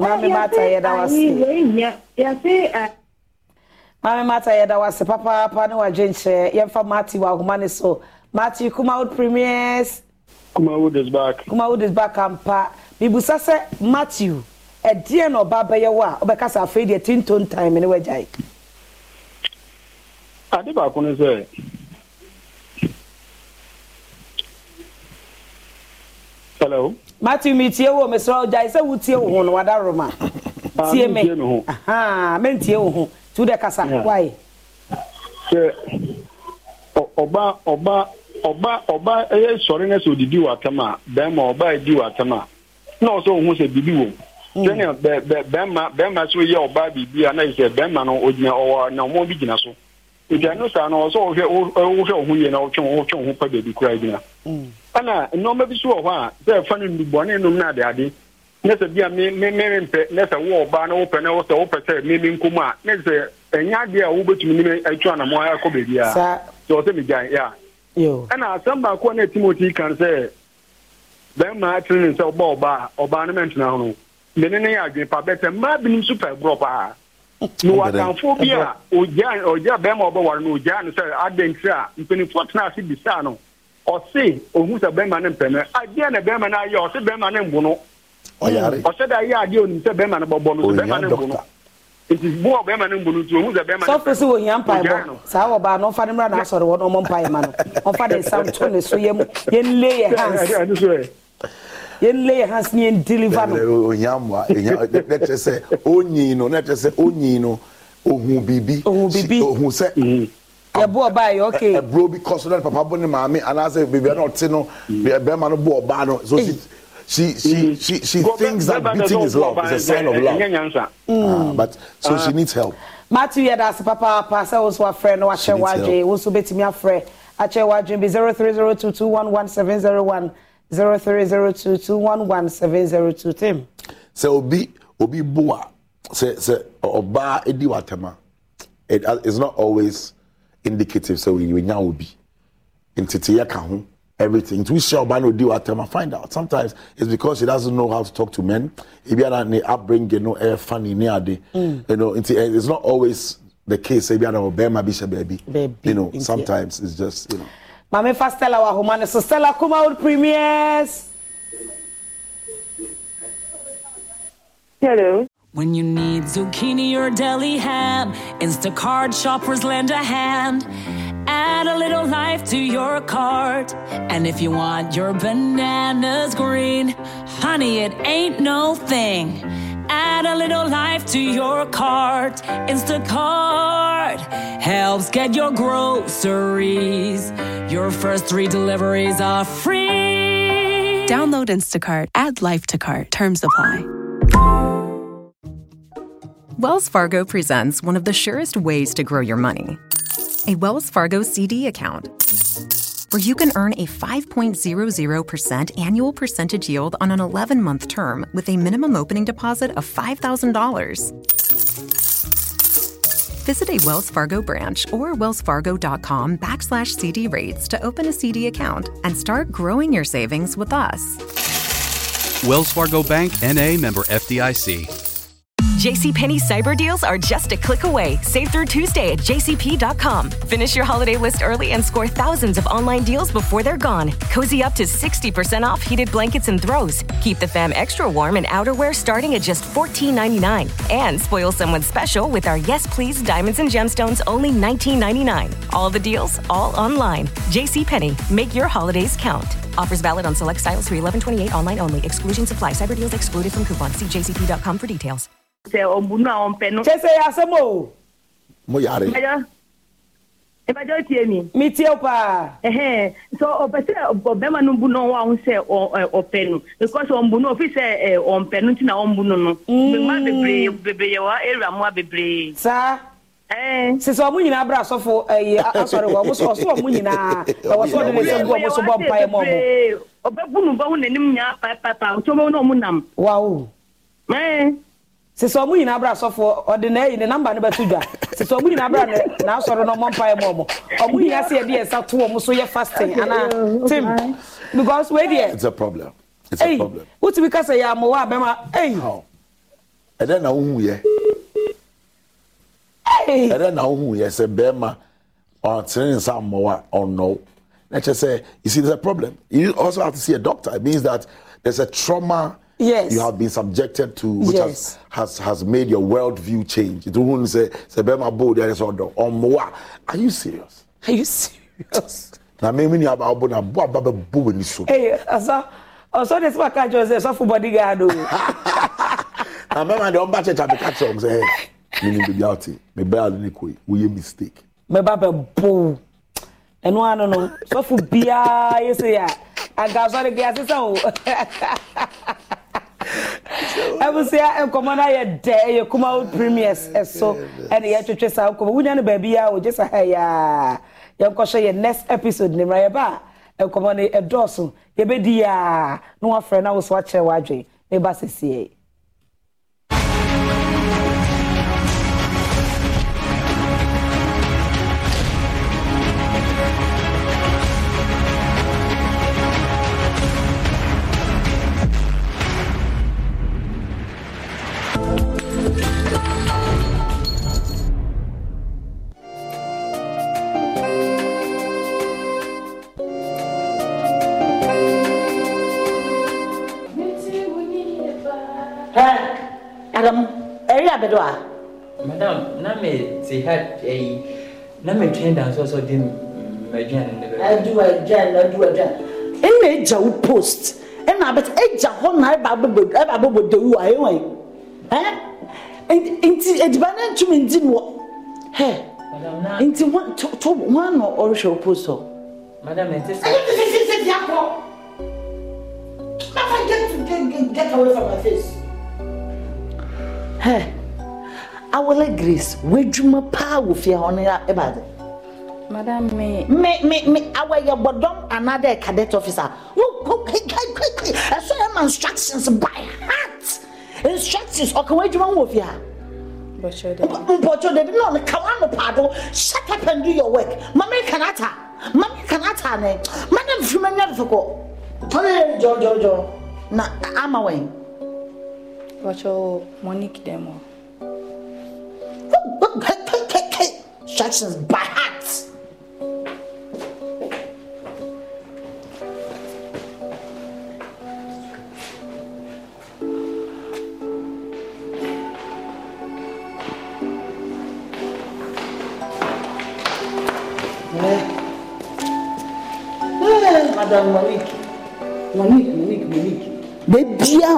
maame mata yɛda wase maame mata yɛda wase papaapa ne wadwe nkyerɛ yɛmfa mati wɔ ahoma ne so mati kumawood premiers kumawood is back kumawood is back ampa bibusa sɛ matthew ɛdeɛ na ɔba bɛyɛ wɔ a wobɛka sɛ afei deɛ tinton time ne wagyae ade baako ne sɛ hello matthew mi tie wo mesrɛ gyae sɛ wotie wo ho no wadaro ma tie me mentie wo ho kasa wae sɛ ɔba ɔba ɔba ɔba ɛyɛ sɔre no sɛ ɔdidi wɔ ma a bɛrima ɔba ɛdi wɔ atam a na ɔsɛ ɔhu sɛ mm. no na bi gyina so nti ɛno na pa ana nneɔma bi so wɔ hɔ a sɛ ɛfa no ndubɔne nom no ade ade na sɛ na sɛ wo ɔbaa na wopɛ na sɛ wopɛ sɛ meme a na ɛnyɛ adeɛ a nim anamɔ akɔ sɛ ya ɛna asɛm baako a na timoti kan sɛ bɛrima ne ɔbaa ɔbaa no ho no mene ne yɛ adwene pa mmaa binom so pɛ borɔ paa na bi no no ɔse ohun sɛ bɛrima ne mpɛmɛ adeɛ na bɛrima no ayɛ ɔse bɛrima ne mbu no hmm. ɔhyɛ da yɛ adeɛ onim sɛ bɛrima no bɔbɔ no bɛrima ne mbu no bu a bɛrima ne mbu no nti ohun sɛ bɛrima ne mpɛmɛ sɔfo sɛ wɔhia mpaebɔ saa wɔ baa no ne mmra na asɔre wɔ no ɔmɔ mpae no ɔmfa ne nsa nto ne so yɛm yɛnle yɛ hans yɛnle yɛ hans ne yɛndeliver no ohia mmoa ne kyerɛ sɛ onyin no ne kyerɛ sɛ onyin no ohun biribi ohun biribi ohun sɛ hmm yɛ bu ɔbaa yɛ okay ɛburo bi kɔ so na papa bo ne maame anaasɛ mm. beebi a na ɔte no bɛrima no bu ɔbaa no so she she she mm. she, she thinks that beating is love is a sign of love mm. Ah, but so she ah. needs help. matthew Papa yɛ daase papaapa sɛ wo so afrɛ no wahyɛ wadwe wo so bɛtumi afrɛ akyɛ wadwe bi zero three zero two two one one seven zero one zero three zero two two one one seven zero two tim. sɛ obi obi bu a sɛ sɛ ɔbaa edi wa tɛma it uh, is not always indicative sɛ wɔnya wo bi nteteyɛ ka ho everything nti wohyia ɔba no odi w'atɛm i find out sometimes it's because she doesn't know how to talk to men ebi ara ne upbringing no ɛyɛ funny ne ade mm. you know nti eh, it's not always the case ebi ara ɔbɛrima bi hyɛ baabi you know sometimes it's just you know. maame fa stella wahoma ne so stella kumawood premiers. hello. When you need zucchini or deli ham, Instacart shoppers lend a hand. Add a little life to your cart. And if you want your bananas green, honey, it ain't no thing. Add a little life to your cart. Instacart helps get your groceries. Your first three deliveries are free. Download Instacart, add life to cart. Terms apply. Wells Fargo presents one of the surest ways to grow your money a Wells Fargo CD account where you can earn a 5.00% annual percentage yield on an 11 month term with a minimum opening deposit of $5,000. Visit a Wells Fargo branch or wellsfargo.com backslash CD rates to open a CD account and start growing your savings with us. Wells Fargo Bank NA member FDIC. JCPenney cyber deals are just a click away. Save through Tuesday at jcp.com. Finish your holiday list early and score thousands of online deals before they're gone. Cozy up to 60% off heated blankets and throws. Keep the fam extra warm in outerwear starting at just $14.99. And spoil someone special with our Yes Please Diamonds and Gemstones only $19.99. All the deals, all online. JCPenney, make your holidays count. Offers valid on select styles through 1128 online only. Exclusions apply. Cyber deals excluded from coupons. See jcp.com for details. sɛ ɔbu no a ɔmpɛ no. kyɛ sɛ yɛ asɛm o. mo yare. ìbàjọ́ tiẹ̀ mi. mi tiẹ̀ o paa. sọ ọbẹ sẹ ọbẹ̀mà no bu náà wà sẹ ọpẹ no because ọ̀nbu na òfin sẹ ọ̀npẹ no ti na ọ̀nbu no no. bẹ̀rẹ̀ bebree bebree yẹ wá èrè bebree. saa. sisan ọmụ nyinaa abụrụ asọfo eyi asọrọ ụwa ọmụ sọ ọmụ nyinaa ọwụ sọ ọdịnihu esi ngwa ọmụ sọ bọ mpa ya ma ọmụ. ọbẹ bunu bọ hụ n'anim nyaa papa ọtọ ọmụ na ọmụ nam. wow. sisi ọmụ nyina abụrụ asọfọ ọ dị na eyi ne namba ne bɛtụ dwa sisi ọmụ nyina abụrụ n'asọrọ na ọmụ mpa ya ma ọmụ ọmụ nyina si yɛde yɛsa tụ ọmụ so yɛ fasting ana oh, tim because wei deɛ. it's a problem it's a problem. wotumi kasa ya amụwa abɛma eyi. ɛdɛ na ohun yɛ ɛdɛ na ohun yɛ sɛ bɛrima ɔtiri nsa amụwa ɔnọ na kyerɛ sɛ you see there's a problem you also have to see a doctor it means that there's a trauma yes. you have been subjected to, which yes. has, has has made your worldview change. It won't say Sebema Bo there is order. Are you serious? Are you serious? Na me mini aba abo na bo aba be bo we ni so. Hey, asa. asa des wa ka Jose so for bodyguard o. Na me man de on ba church abi catch say, "Me ni bi out, me ba ali ni koi, we mistake." Me ba be bo. Enu no no, so for bia yesi ya. Agazore gya sisa o. ɛbusi a nkɔmɔ na yɛ dɛ ɛyɛ kumawo premiers ɛso ɛna yɛtwitwi saa nkɔmɔ wunya no baabi a ogye sa ha yaa yɛnkɔhwɛ yɛ next episode ne mmerɛ yɛba a nkɔmɔ no ɛdɔɔso yɛbɛdi yaa na wafrɛ na wosɔ akyerɛ wadwe ne ba sisi yɛ. abɛdo a. madam na me te ha ɛyi eh, na me twɛn dan sɔsɔ de m'aduane ne bɛ. aduwa aduane aduwa aduane. ɛna egya wo post ɛna abɛta egya hɔ na ɛba abɛbɔ ɛba abɛbɔ dewu a ɛwɔ yi ɛn nti ediba ne ntumi ndi wɔ hɛ nti wɔn to to wɔn ano ɔrehwɛ wo post hɔ. madam ɛte sɛ. ɛyɛ tete tete di akɔ. Papa, get, get, get away from my face. Hey awɔlɛ grace w'adwuma paa wɔ fie hɔ no ɛba ade madam me me me me awɔ yɛ bɔdɔm anaadɛ cadet officer wo wo kekekeke ɛso yɛ ma instructions by heart instructions ɔka w'adwuma wɔ fie ha mpɔtɔ dɛbi na ɔno kawa no paado shut up and do your work mami kanata mami kanata ne madam fi ma nyɛ dukɔ tɔn yɛ jɔjɔjɔ na ama wɛn. bɔtɔ monique dɛm instructions by heart. baabiaa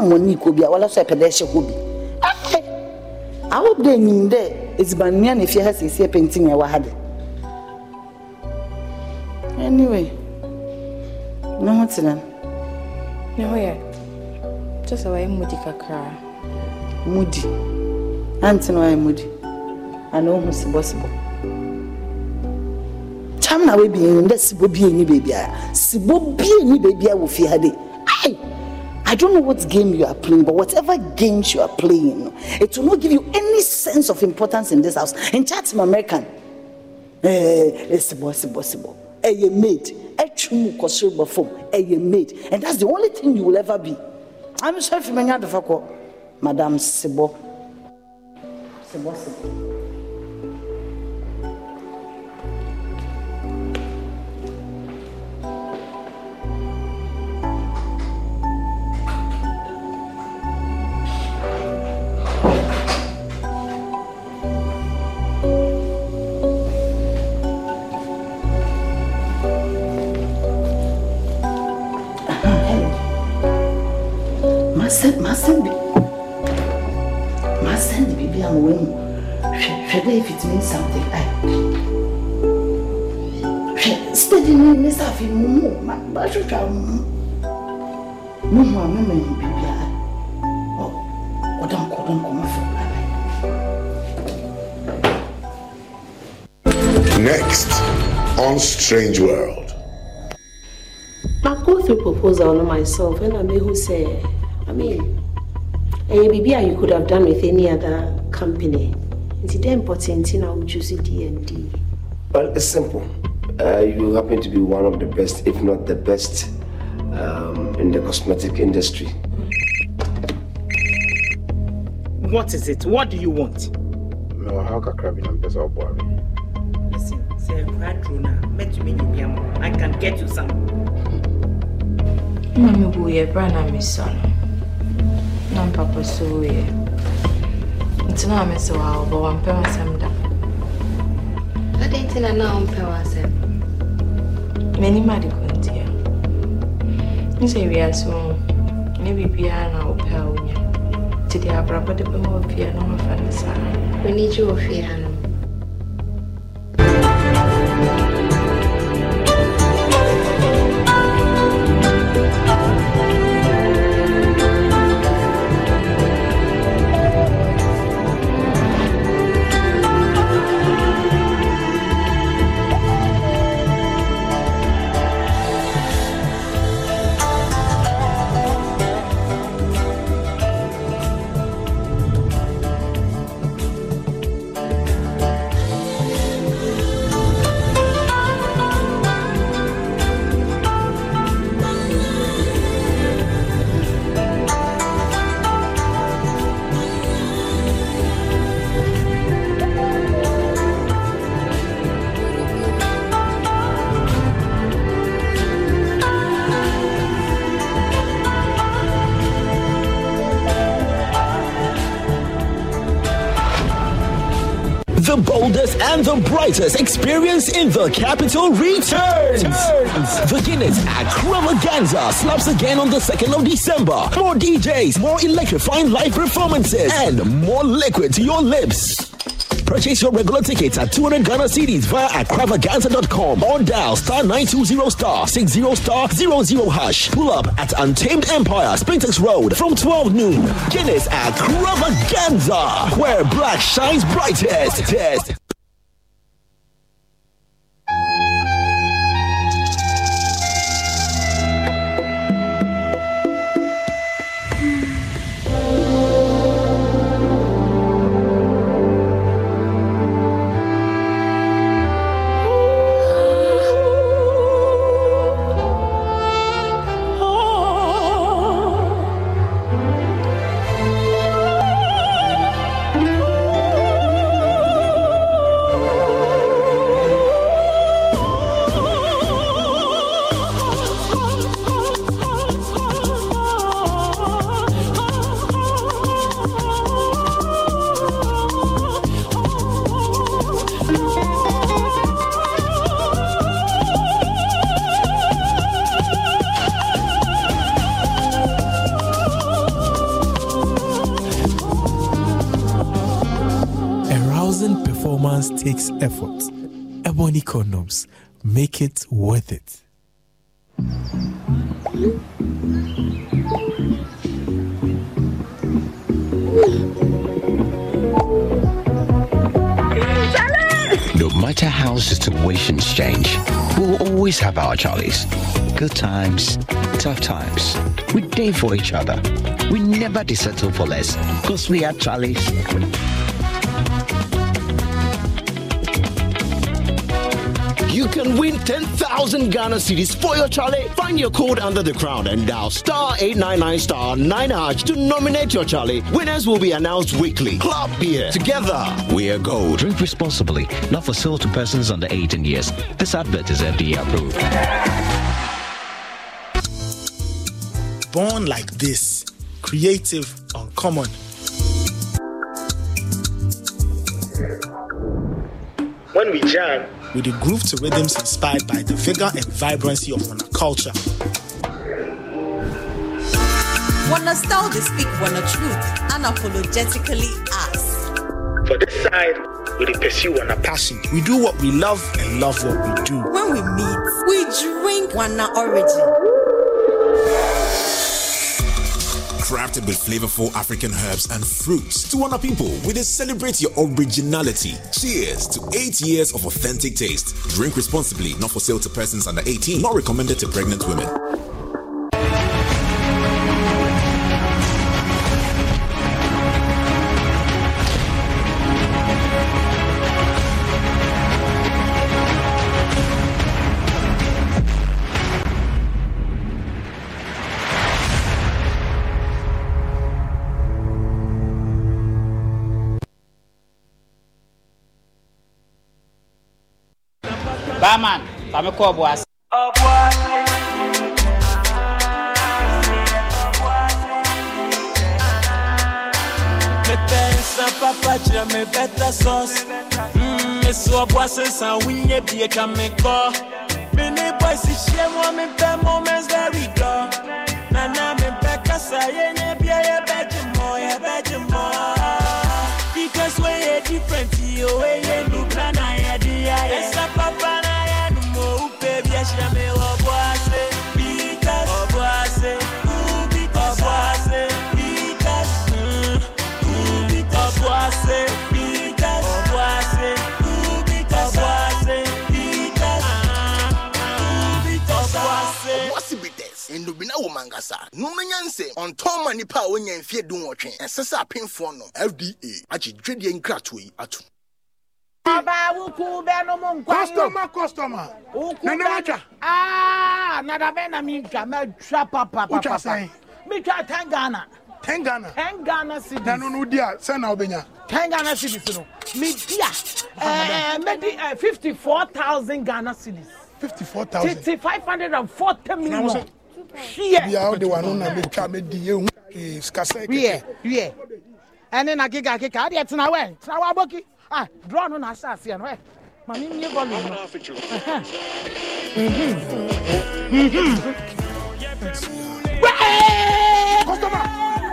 mɔne kɔ bi a wɔla sɛ ɛpɛ dɛ ɛhyɛ hɔ bi afɛ awɔ dɛ nim edzibanua na efie ha siesie painting ɛwɔ ha de anyway ne ho tena ne ho yɛ kyɛ sɛ wayɛ mudi kakraa mudi ante na wayɛ mudi anaa ohu sibɔsibɔ kyam na wabie ni dɛ sibɔ bie ni beebiara sibɔ bie ni beebiara wɔ fie ha de I don't know what game you are playing, but whatever games you are playing, it will not give you any sense of importance in this house. In chat, my American, it's possible, a you made, a eh, chumu kosurba form, a eh, you made, and that's the only thing you will ever be. I'm sorry if you may not madam Sibo. Sibo, Sibo. send ma send bi ma send biribi ama wɔn mu hwɛ hwɛ dɛ if it means something ai hwɛ steady ne ne saafi mu mu ma ma hwehwɛ amu mu mu mu a mɛmɛ hu biribi a ɔ ɔda nkɔ ɔda nkɔ ma fɛ Next on Strange World. I go through proposal on myself and I may who say I mean, ẹ̀yẹ bíbí you could have done with any other company. It's the important I our choosing D&D. Well, it's simple. Uh, you happen to be one of the best, if not the best, um, in the cosmetic industry. What is it? What do you want? No, how can crabbing and bezel boy? Listen, say, I can get you some. Mami, we are brand son. na mpapa so yɛ nti na ame sɛ waa ɔbɔ wampɛ w'asɛm da ade nti na na ɔmpɛ w'asɛm m'anim ade kɔ ntia n sɛ wiase mu ne biribiara na wopɛ a wonya nti deɛ abrabɔ de bɛma ofie na wafa no saa w'ani gye wɔ fie ano brightest experience in the capital returns. returns. The Guinness at Kravaganza slaps again on the 2nd of December. More DJs, more electrifying live performances, and more liquid to your lips. Purchase your regular tickets at 200 Ghana CDs via at cravaganza.com or dial star 920 star 60 star 00 hash. Pull up at Untamed Empire, Sprintex Road from 12 noon. Guinness at Cravaganza, where black shines brightest. takes effort. Ebony condoms make it worth it. No matter how situations change, we'll always have our charlies. Good times, tough times. We day for each other. We never settle for less because we are charlies. you can win 10,000 Ghana cedis for your Charlie. Find your code under the crown and dial star 899 star 9H to nominate your Charlie. Winners will be announced weekly. Club beer. Together, we are gold. Drink responsibly. Not for sale to persons under 18 years. This advert is FDA approved. Born like this. Creative, uncommon. When we jam, with the groove to rhythms inspired by the vigor and vibrancy of Wana culture. Wana style they speak Wana truth unapologetically us. For this side, we pursue Wana passion. We do what we love and love what we do. When we meet, we drink Wana origin. crafted with flavorful African herbs and fruits to honor people with a celebrate your originality. Cheers to eight years of authentic taste. Drink responsibly, not for sale to persons under 18, not recommended to pregnant women. I'm a cowboy. boy. papa, tu as mes bêtes à sauce. sans winner, bien qu'à me corps. Me ne boys, si chez moi, me pères, moments there we go. Nana, mes bêtes ça, ye ne bien, ye bête moi, y'a bête moi. Because we're different, mangasa numenya nsɛm ɔntɔn ma nipa a wonya mfeɛ dunwɔtwe ɛsɛ sɛ apemfoɔ no fda agye dwedeɛ nkratoɔ yi ato Aba wuku beno mun kwa. Customer customer. Wuku na na twa. Ah, na da be na mi twa ma twa papa papa. Ucha sai. Mi twa tangana. Tangana. Tangana city. Na no no dia, sai na obenya. Tangana city no. Mi dia. Eh, me di 54000 Ghana cedis. 54000. 540 million. Here. Bia o de wa no na me twa me di ehun. Skasa keke. Yeah, yeah. Ɛne na kika kika, adeɛ tena wɛ, tena aboki. ah draw no na ahyɛ aseɛ no ɛ maame mie volume no customer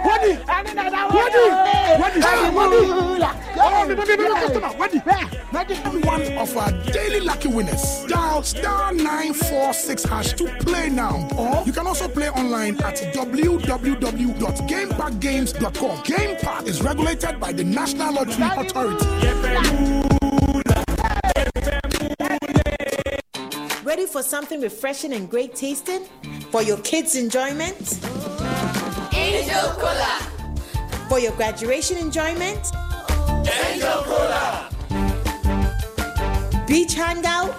wadi wadi wadi wadi wadi one of our daily lucky winners dial star 946 hash to play now or you can also play online at www.gamepackgames.com game park is regulated by the national lottery authority Ready for something refreshing and great tasting? For your kids' enjoyment? Angel Cola. For your graduation enjoyment? Angel Cola. Beach hangout?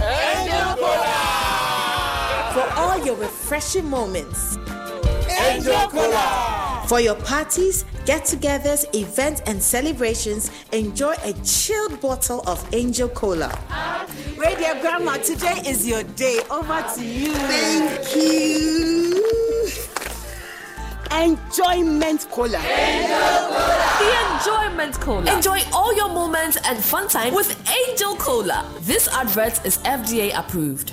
Angel Cola. For all your refreshing moments? Angel Cola. For your parties, get togethers, events, and celebrations, enjoy a chilled bottle of Angel Cola. Radio Grandma, today is your day. Over to you. Thank you. Enjoyment Cola. Angel Cola. The Enjoyment Cola. Enjoy all your moments and fun time with Angel Cola. This advert is FDA approved.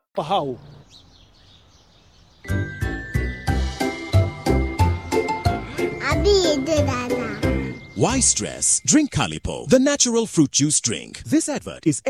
pahau. Why stress? Drink Calipo, the natural fruit juice drink. This advert is.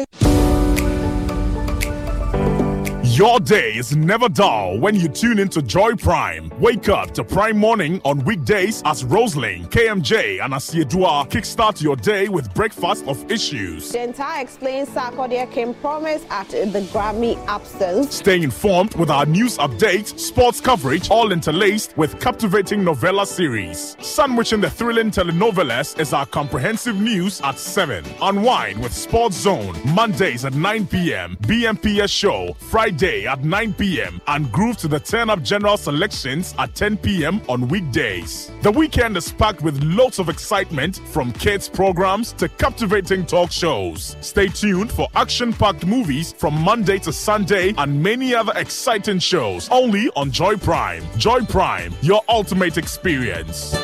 Your day is never dull when you tune into Joy Prime. Wake up to Prime Morning on weekdays as Rosling, KMJ, and Asiedua kickstart your day with breakfast of issues. Genta explains Sarkodia came promise at the Grammy absence. Stay informed with our news update, sports coverage, all interlaced with captivating novella series. Sandwiching the thrilling telenovelas is our comprehensive news at 7. Unwind with Sports Zone, Mondays at 9 p.m. BMPS Show, Friday at 9 p.m. and groove to the Turn Up General selections at 10 p.m. on weekdays. The weekend is packed with lots of excitement from kids' programs to captivating talk shows. Stay tuned for action packed movies from Monday to Sunday and many other exciting shows only on Joy Prime. Joy Prime, your ultimate experience.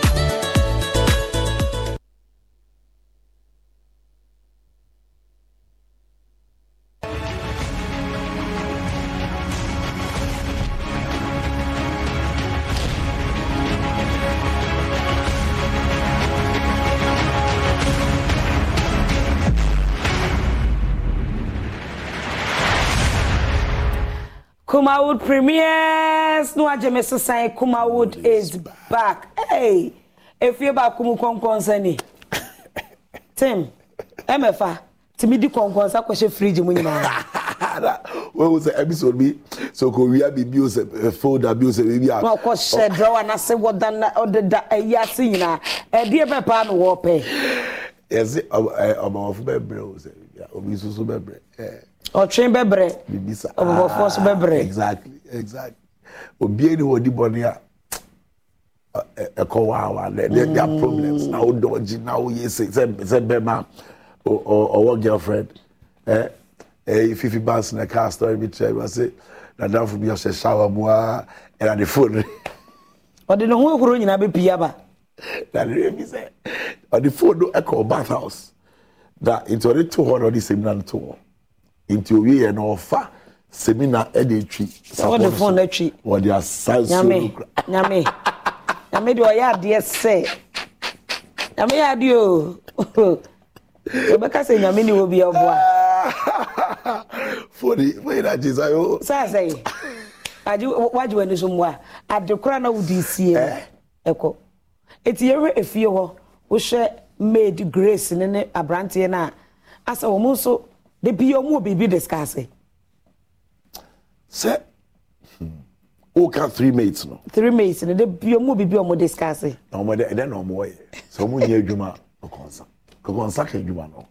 Kumawood premieres no agye me so san Kumawood is back. Hey, efie ba kumu konkon sani. Tim, emefa, timi di konkon sa kwese fridge mu nyina. When was the episode bi so ko wia bi bi o se eh, folder bi o se bi a. Mo ko she oh. drawer na se woda na odeda eya eh, se nyina. E eh, die be pa no wo pe. Yes, ọmọ ọfọ bẹbẹrẹ o se obi soso bẹbẹrẹ ɔtwe bɛbrɛ bibisa ɔbɔbɔfoɔ so ah, bɛbrɛ exactly exactly obiara ni wɔn di bɔnni a ɛkɔ wa awa dɛ dɛ their problems na o dɔgɔji na o ye se sɛ sɛ bɛma ɔwɔ girlfriend ɛ ɛ fifi banks na car story bi tia ɛba se nadanfo bi ɔhyɛ shower mu aa ɛna de phone. ɔde ne ho ehoro nyinaa bɛ pii aba. na ne yɛ bi sɛ ɔde phone no ɛkɔ bath house na nti ɔde to hɔ na ɔde seminar no to hɔ nti owie yɛ no ɔfa semina ɛde etwi sapɔn so wɔde wɔde asa nsuo no kura nyame nyame deɛ ɔyɛ adeɛ sɛ nyame yɛ adeɛ o yɛbɛka sɛ nyame ne wɔ ɔboa foni foni na gye sa yo Adi sɛ yi agye wagye w'ani so mmoa adekora na wodi sie no eh. ɛkɔ eti yɛhwɛ efie hɔ wohwɛ maid grace ne ne aberanteɛ no a wɔn nso de bi ɔmo wɔ biribi discuss. sɛ woka three mates no. three mates no de bi ɔmo wɔ biribi ɔmo discuss. na ɔmo ɛdɛ ɛdɛ na ɔmo wɔyɛ sɛ ɔmo nyɛ adwuma kɔkɔnsa kɔkɔnsa kɛ adwuma no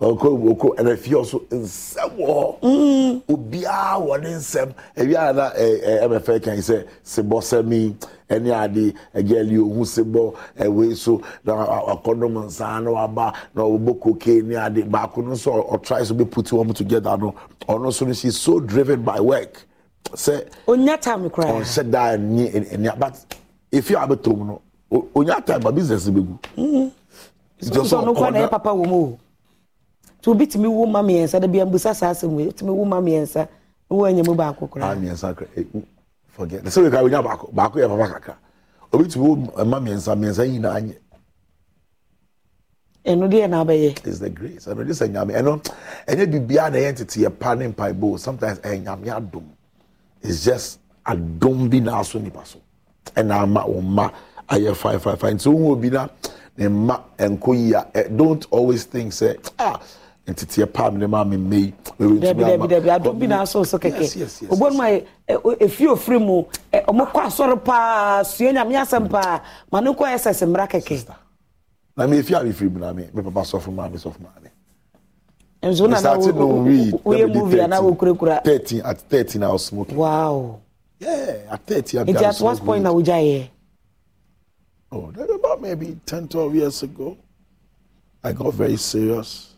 ɔkɔ ɔkɔ ɛna fie ɔso nsɛm wɔ hɔ mm. obiara wɔ ne nsɛm ebi a na ɛɛ ɛmɛfɛ kan sɛ sebɔ sɛmi ɛne ade ɛgyɛli ohun sebɔ ɛwɛ so na akɔdɔm nsa na waba na ɔbɔ koke ne ade baako no nso ɔtra so bɛ puti wɔn together no ɔno nso no she is so driven by work sɛ. onya time kura. ɔnhyɛ daa ɛni ɛni but efi a bɛ tom no onya time ba business bɛ gu. sukuu sɔnni kɔ na yɛ papa wɔ mu o nti obi tumi wu ma mmiɛnsa dabi ambusa saa asɛm wei tumi wu ma mmiɛnsa na wɔn anyam baako koraa. a mmiɛnsa kora eh, forget na sɛbi ka onya baako baako yɛ papa kakra obi tumi wu ma mmiɛnsa mmiɛnsa yi na anyɛ. ɛnu deɛ na abɛyɛ. is the grace ɛnu de sɛ nyame ɛnu ɛnyɛ bibia na ɛyɛ ntete yɛ pa ne mpa ebo sometimes ɛyɛ adum it's just adum bi na aso nipa so ɛna ama wɔn ma ayɛ fine fine fine nti wɔn wo bi na ne ma nko yia eh, don't always think say ah nteteɛ paa mi ne maa mi mme yi. dɛbi dɛbi dɛbi ado bi na aso so kɛkɛ obo nu ayɛ efi ofiri mu ɔmo e, kɔ asɔre paa sue nyame asɛm mm. paa ma ne nkɔ ɛsɛs mmira kɛkɛ. na mi efi a firi mu na mi mi papa sɔfo maa mi sɔfo maa mi. nso na na wo oye movie ana wo kurakura. thirteen at thirteen i was smoking. wow. at nti at what point na o ja yɛ. oh that about maybe 10, 12 years ago i got very serious.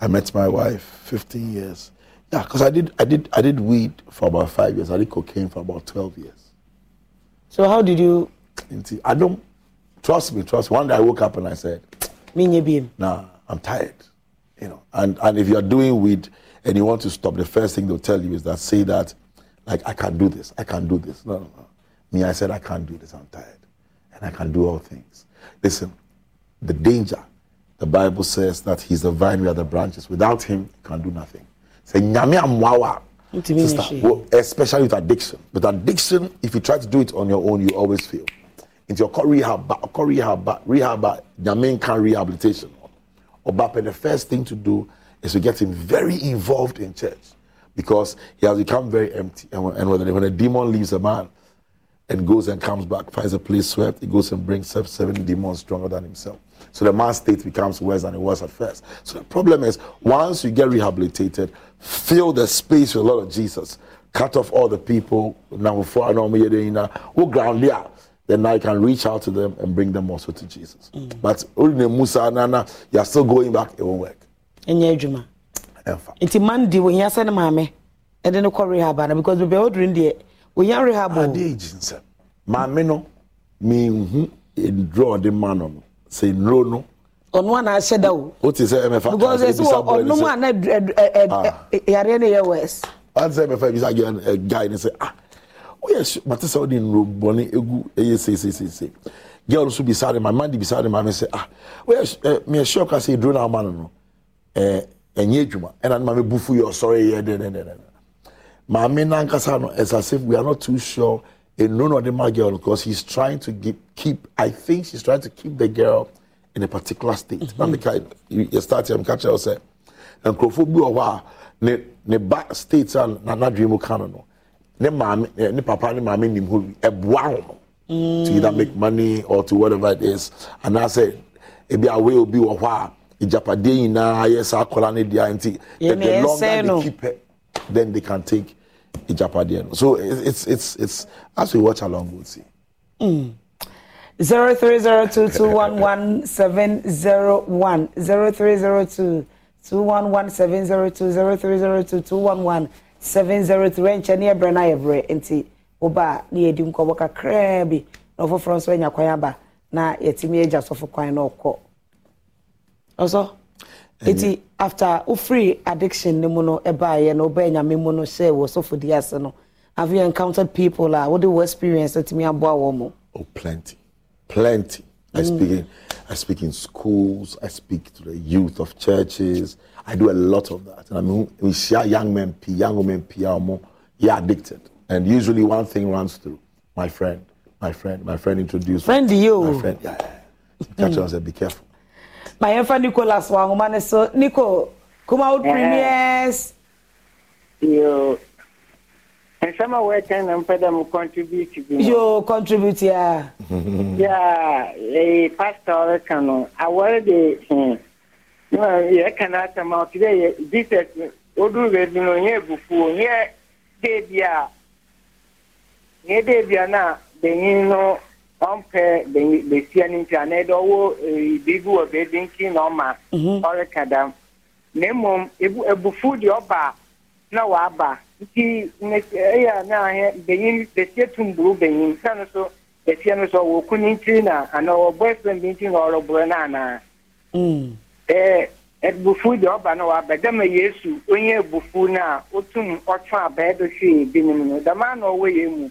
I met my wife 15 years. Yeah, because I did, I, did, I did weed for about five years. I did cocaine for about 12 years. So how did you? I don't, trust me, trust me. One day I woke up and I said, Nah, I'm tired. You know, and, and if you're doing weed and you want to stop, the first thing they'll tell you is that say that, like, I can't do this. I can't do this. No, no, no. Me, I said, I can't do this. I'm tired. And I can do all things. Listen, the danger the Bible says that he's the vine, we are the branches. Without him, you can do nothing. Say, Nyame amwawa. Sister, well, especially with addiction. With addiction, if you try to do it on your own, you always fail. It's your rehab, rehab, rehab, main can rehabilitation. Obapé, the first thing to do is to get him very involved in church because he has become very empty. And when, and when a demon leaves a man and goes and comes back, finds a place swept, he goes and brings seven demons stronger than himself. So the man's state becomes worse than it was at first. So the problem is, once you get rehabilitated, fill the space with a lot of Jesus. Cut off all the people. Now, before I know me, we'll ground there. Then I can reach out to them and bring them also to Jesus. Mm. But Musa Nana, you're still going back, it won't work. And you're Juma. It's Monday when you send sending mommy. And then you call rehab because we be ordering the. We are rehab. Oh. sir. Man no. me, mm-hmm, draw the man on. Oh, sɛ nnuro no ɔno ana ahyɛ da o o ti sɛ ɛmɛfa because esi wɔ ɔnum ana ah. yare ne yɛ wɛs. wọ́n ti sɛ ɛmɛfa ebi sɛ agyɛ guy eh, ni sɛ ah su mate sɛ nnuro egu ɛyɛ girl nso bisa ne bisa ne sɛ ah, ɛ ɔka eh, sɛ e na no no eh, ɛnyɛ adwuma ɛna ne bufu yɛ ɔsɔre yɛ dɛdɛdɛdɛ maame nankasa In Enono Adema girl because he's trying to keep, keep, I think she's trying to keep the girl in a particular state. Mm-hmm. Now, you, start here, I'm catching yourself. And Krofo bi owa ne ne ba state an na na dream ka ne maame ne papa ne maame nim ho eboa ho no to either make mm. money or to whatever it is and I say ebi away obi wo hwa ijapade nyinaa ayɛ saa akɔla ne dia nti the longer they keep it, then they can take ìjàpàdé ẹnu so it's it's it's as we watch along we'll see. Mm. zero three zero two two one one seven zero one zero three zero two two one one seven zero two zero three zero two two one one seven zero three ɛnkyɛn ne ɛbrɛ na ɛbrɛ nti ɔbaa ne yɛ di nkɔmɔ kakraa bi na ɔfoforɔ nso ɛnya kwan aba na yɛtumi agya sɔfo kwan na ɔkɔ ɔsɔ. Iti after free addiction ne mono eba ɛbaayɛ na ɔbɛɛ nyame mu no hyɛ di ase no have you encountered people ah, what do you experience ɛtumi aboa wɔn mo. oh plenty plenty i mm. speak in i speak in schools i speak to the youth of churches i do a lot of that and i mean we share young men p young women p are ah, addicted and usually one thing runs through my friend my friend my friend introduced friend me. you my friend yeah, yeah. catch us and be careful ma yɛmfa nicolas wa ahoma no so nico kumawo premiers yo nsɛm a wɔɛkan na mpɛ dɛ m contribute bi yo contribute a ya ee pastor ɔreka hmm, no awɔre de yɛka no asɛm a ɔte dɛ yɛ jesus oduru baabi no ɔnyɛ abufuo ɔnyɛ dee bi a ɔnyɛ dee bi a na benyin no ɔmpɛ besia no nti anaa ɛdɛ ɔwɔ biribi wɔ baabi nti na ɔma ɔreka dam na e, mmom e, ebufu deɛ ɔba na waba nti ɛyɛ na ahɛ benyin besia tum buru benyin sɛ no so besia no so ɔwɔ kun nti na anaa ɔwɔ boyfriend bi nti na ɔrɔborɔ na anaa ɛɛ ebufu deɛ ɔba na waba dɛm yesu onye ebufu na otum ɔtɔn abɛɛ do hwee binom no dɛm anaa ɔwɔ yɛ mu.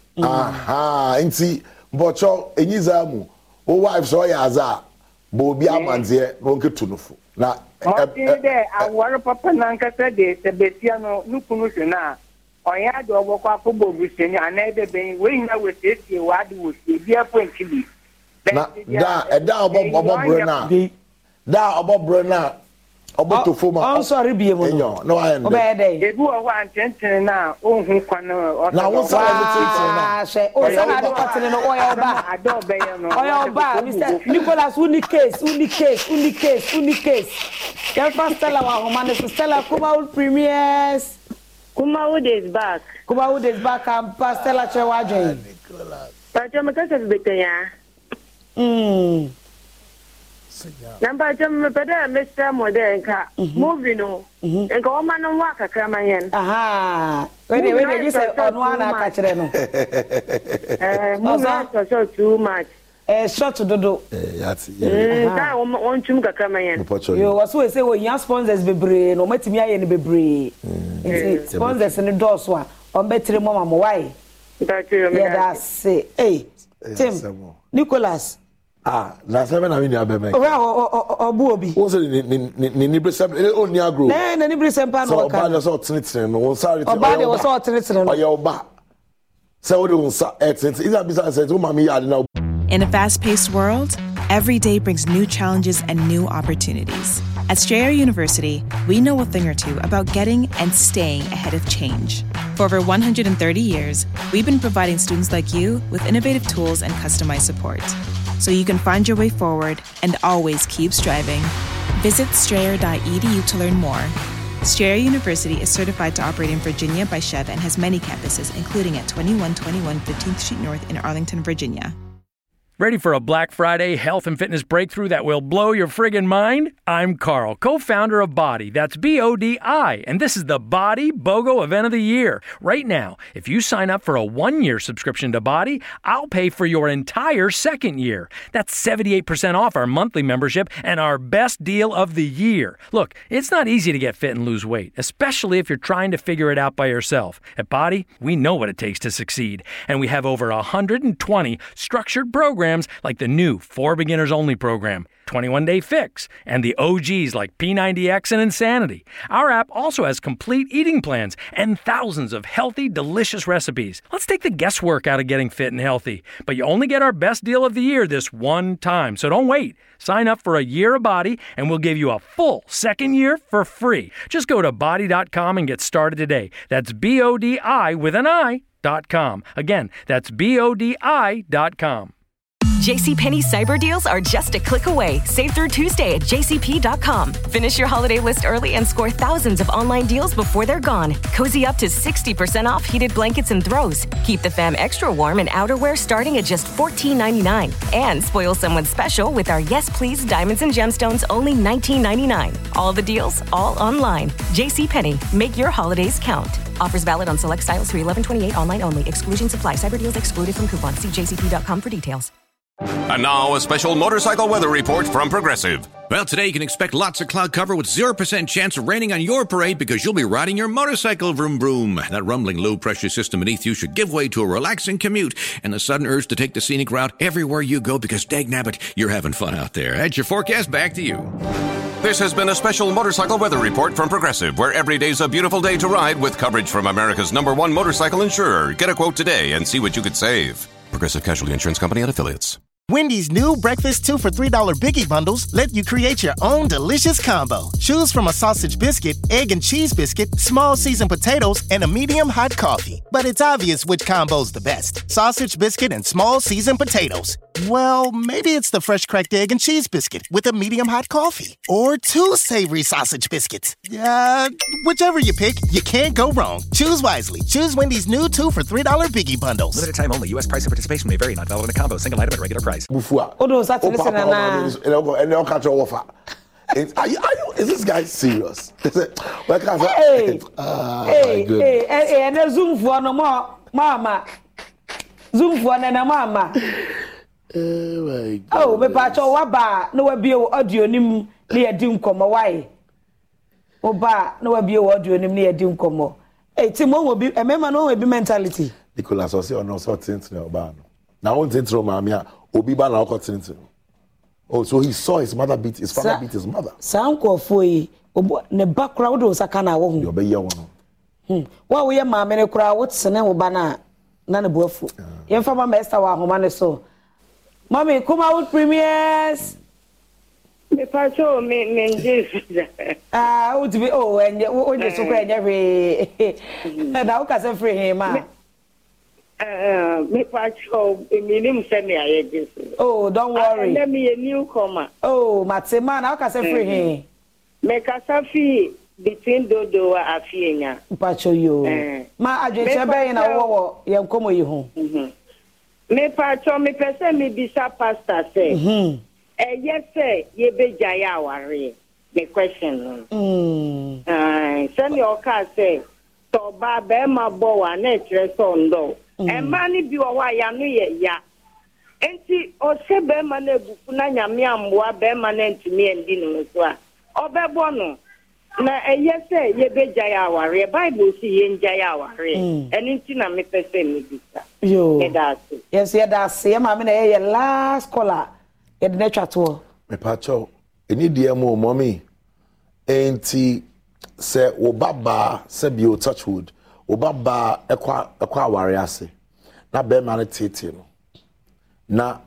aha nti mbọchọ enyiza mu o wife sọ ya aza bụ obi mm. amanzie n'oge tunufo na ọtí dẹ awọrọ papa na nkasa de sẹbẹsia no n'ukwu so na ọnyẹ dị ọgbọkọ akọbọ obusuani ana ẹdẹ bẹyìn wẹẹ nyina wẹsiesie wadi wọsie bi ẹfọ nkibi. na daa ẹda ọbọ ọbọ buru naa daa ọbọ buru naa ọbọ tó fo ma ọnsọri bie mu no ọbẹyẹ dẹ yi. ebi wọ hɔ a ntɛntɛn na ohun kwan ɔtɔ na wọn sara ɛbi tɛntɛn na sɛ o sara adi ɔtɛnɛ no ɔyɛ ɔba ɔyɛ ɔba mr nicholas wuni case wuni case wuni case wuni case yɛnfa stella wà ahoma ne so stella kumawu premiers. kumawu days back. kumawu days back ampa stella kyerɛ wa adwene. pàtó mi kẹsàn-án bẹ̀tẹ̀ yẹn na mpakyɛ mepɛ dɛ mesrɛ mo dɛ nka mhm. movi no mhm. nka wɔma no ho akakrama yɛ nowdegye sɛ ɔno ana aka kyerɛ no moviasɔsɛ too much eh, eh, short dodo wɔntwum kakrama yɛ wɔ so wɔ sɛ wɔhia sponsors bebree na ɔmatumi ayɛ no bebree mm. nti eh. sponsors no dɔɔso a ɔmbɛtire mɔ ma mɔ wae yɛda ase tim nicholas ah na ni ni ni ni agro. sọ sọ no ti sọ no. ọyẹ ọba sẹ bisa sẹ yá In a fast-paced world, every day brings new challenges and new opportunities. At Strayer University, we know a thing or two about getting and staying ahead of change. For over 130 years, we've been providing students like you with innovative tools and customized support so you can find your way forward and always keep striving. Visit strayer.edu to learn more. Strayer University is certified to operate in Virginia by Chev and has many campuses, including at 2121 15th Street North in Arlington, Virginia. Ready for a Black Friday health and fitness breakthrough that will blow your friggin' mind? I'm Carl, co founder of Body. That's B O D I. And this is the Body BOGO event of the year. Right now, if you sign up for a one year subscription to Body, I'll pay for your entire second year. That's 78% off our monthly membership and our best deal of the year. Look, it's not easy to get fit and lose weight, especially if you're trying to figure it out by yourself. At Body, we know what it takes to succeed, and we have over 120 structured programs programs like the new For Beginners Only program, 21 Day Fix, and the OGs like P90X and Insanity. Our app also has complete eating plans and thousands of healthy, delicious recipes. Let's take the guesswork out of getting fit and healthy. But you only get our best deal of the year this one time, so don't wait. Sign up for a year of body, and we'll give you a full second year for free. Just go to body.com and get started today. That's B O D I with an I. Dot com. Again, that's B O D I dot com. JCPenney cyber deals are just a click away. Save through Tuesday at jcp.com. Finish your holiday list early and score thousands of online deals before they're gone. Cozy up to 60% off heated blankets and throws. Keep the fam extra warm in outerwear starting at just $14.99. And spoil someone special with our Yes Please Diamonds and Gemstones only $19.99. All the deals, all online. JCPenney, make your holidays count. Offers valid on select styles through 1128 online only. Exclusions apply. Cyber deals excluded from coupons. See jcp.com for details. And now, a special motorcycle weather report from Progressive. Well, today you can expect lots of cloud cover with 0% chance of raining on your parade because you'll be riding your motorcycle vroom vroom. That rumbling low pressure system beneath you should give way to a relaxing commute and the sudden urge to take the scenic route everywhere you go because, dag nabbit, you're having fun out there. That's your forecast. Back to you. This has been a special motorcycle weather report from Progressive, where every day's a beautiful day to ride with coverage from America's number one motorcycle insurer. Get a quote today and see what you could save. Progressive Casualty Insurance Company and Affiliates. Wendy's new breakfast 2 for $3 biggie bundles let you create your own delicious combo. Choose from a sausage biscuit, egg and cheese biscuit, small seasoned potatoes, and a medium hot coffee. But it's obvious which combo's the best sausage biscuit and small seasoned potatoes. Well, maybe it's the fresh cracked egg and cheese biscuit with a medium hot coffee. Or two savory sausage biscuits. Uh, whichever you pick, you can't go wrong. Choose wisely. Choose Wendy's new 2 for $3 biggie bundles. Limited time only. U.S. price and participation may vary. Not valid in a combo. Single item at regular price. guys. Bufua. no, that's Sunday na. And they'll catch your offer. Are you, are you, is this guy serious? well, hey, ah, hey, hey, hey, and then Zoom for no more, Mama. Zoom for no Mama. Oh, my God. Oh, me what waba, no wabi o audio nim, ni edi mkomo, why? Oba, no wabi o audio nim, ni edi mkomo. Hey, Tim, one will be, a member, no will be mentality. Nicholas, I see, on know, so, Tim, no, Obano na wọn tẹntẹn o maame a obi ba na ọkọ tẹntẹn oh so he saw his mother beat his father beat his mother. saa nkurɔfoɔ yi obo ne ba kura o de o nsa ka na awɔ ho. yɔbɛ yɛ wɔn. wo a woyɛ maame ne kura wo tene wo ba na na ne bu afu ah. yɛn fa ma ma ɛsa wɔ ahoma ne so mami kuma wo premiers. mepatro me me nye sida. aa ah, o ti bi o oh, ɛnyɛ o nye so kura ɛnyɛ hwee na o kasa firi hin ma. Ehm, mepa kyerɛw eminim sɛ ne ayɛ oh don't worry. ɛnna mi new comer. oh mate man aw kasa fi dodo wa afi enya. yoo eh. ma adwenkyerɛ bɛyɛ na wɔwɔ ya nkomo yi ho. Mhm. mepa kyerɛw mepɛ sɛ mebisa pasta sɛ. Mhm. ɛyɛ sɛ yɛbɛgya yɛ awareɛ ne question no. Mm. sɛnea ɔkaa na ɛkyerɛ mmaa no bi a yɛano yɛ ya nti ɔhyɛ barima no abufu na nyame amboa barima no antumi andi ne ho so a ɔbɛbɔ no na ɛyɛ sɛ yɛbɛgya yɛ awareɛ bible si yɛngya yɛ awareɛ ɛno mm. nti na mepɛ sɛ yɛda ase ase yɛ maame na ɛyɛ last call a yɛde atwa toɔ mu mɔmi sɛ wo e e sɛ ọba baa ɛkɔ ɛkɔ aware ase na barima no tiitii no na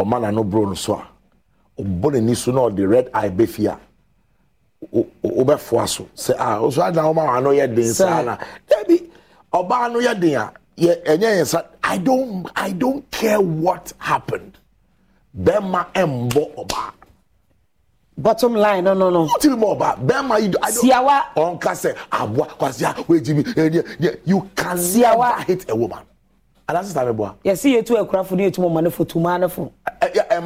ọma na buro nso so a ɔbɔ n'ani so na ɔde red eye bɛfi a wobɛfoa so sị ah, a ɔso adi na ɔma ano yɛ den saa na dabi ɔbaa no yɛ a yɛ ɛnyɛ yɛn sa i don't i don't care what happened bɛrima ɛmbɔ ɔbaa. bottom line no no no. wọ́n ti mọ̀ ọba bẹ́ẹ̀ ma yi do. siawa ọ̀nkasẹ̀ abua kwasia wejibi ẹni ẹ you can siawa. never hate a woman. alasẹ sábẹ bua. yẹsi yetu ẹkurafo ni yetu mọmọ ne fo tuma ne fo.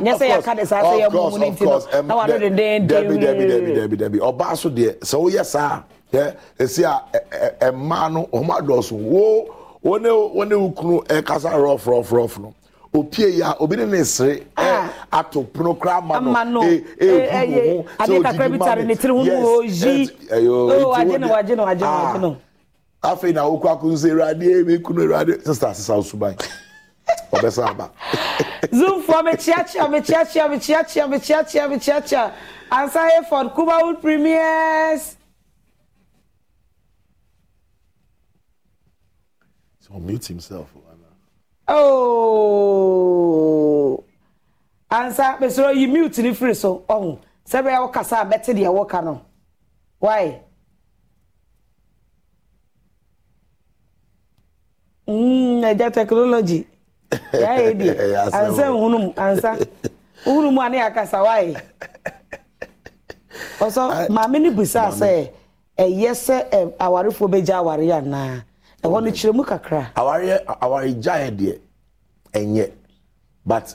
nyẹsẹ yà ká de sá sẹ yẹ mú mu ne ti nọ na wà ló de dẹn dẹn. dẹbi dẹbi dẹbi dẹbi dẹbi ọba so deɛ sɛ o yɛ saa yɛ esi a ɛ ɛ mmaa no wɔn adɔso wo wɔn ne wɔn ne kunu ɛkasa rɔf rɔf rɔf no opie ya obi ne ne sere eh, ah. ato pono kora ama no ehuhu eh, eh, sɛ odidi mami yes ɛyɔ eti oh, wo de ah afei na okɔ akunse ewurade ebe kunu ewurade sista sisa osuban ɔbɛsa aba. zoomfoɔ mekyeakyea mekyeakyea mekyeakyea mekyeakyea mekyeakyea ansa hayford kubawood premiers Unmute himself. Oh. ooo oh! ansa mesoro yi mute ni firi so ɔho oh, sɛ bɛyɛ wɔkasa a bɛte deɛ wɔka no why mm ɛgya technology yɛa ansa nhunu m ansa nhunu mu a ne yɛ akasa why ɔsɔ maame ne busa sɛ ɛyɛ sɛ awarefoɔ bɛgya aware anaa. ɛhɔ no kyerɛ mu kakra awareɛ awaregyaeɛ deɛ ɛnyɛ but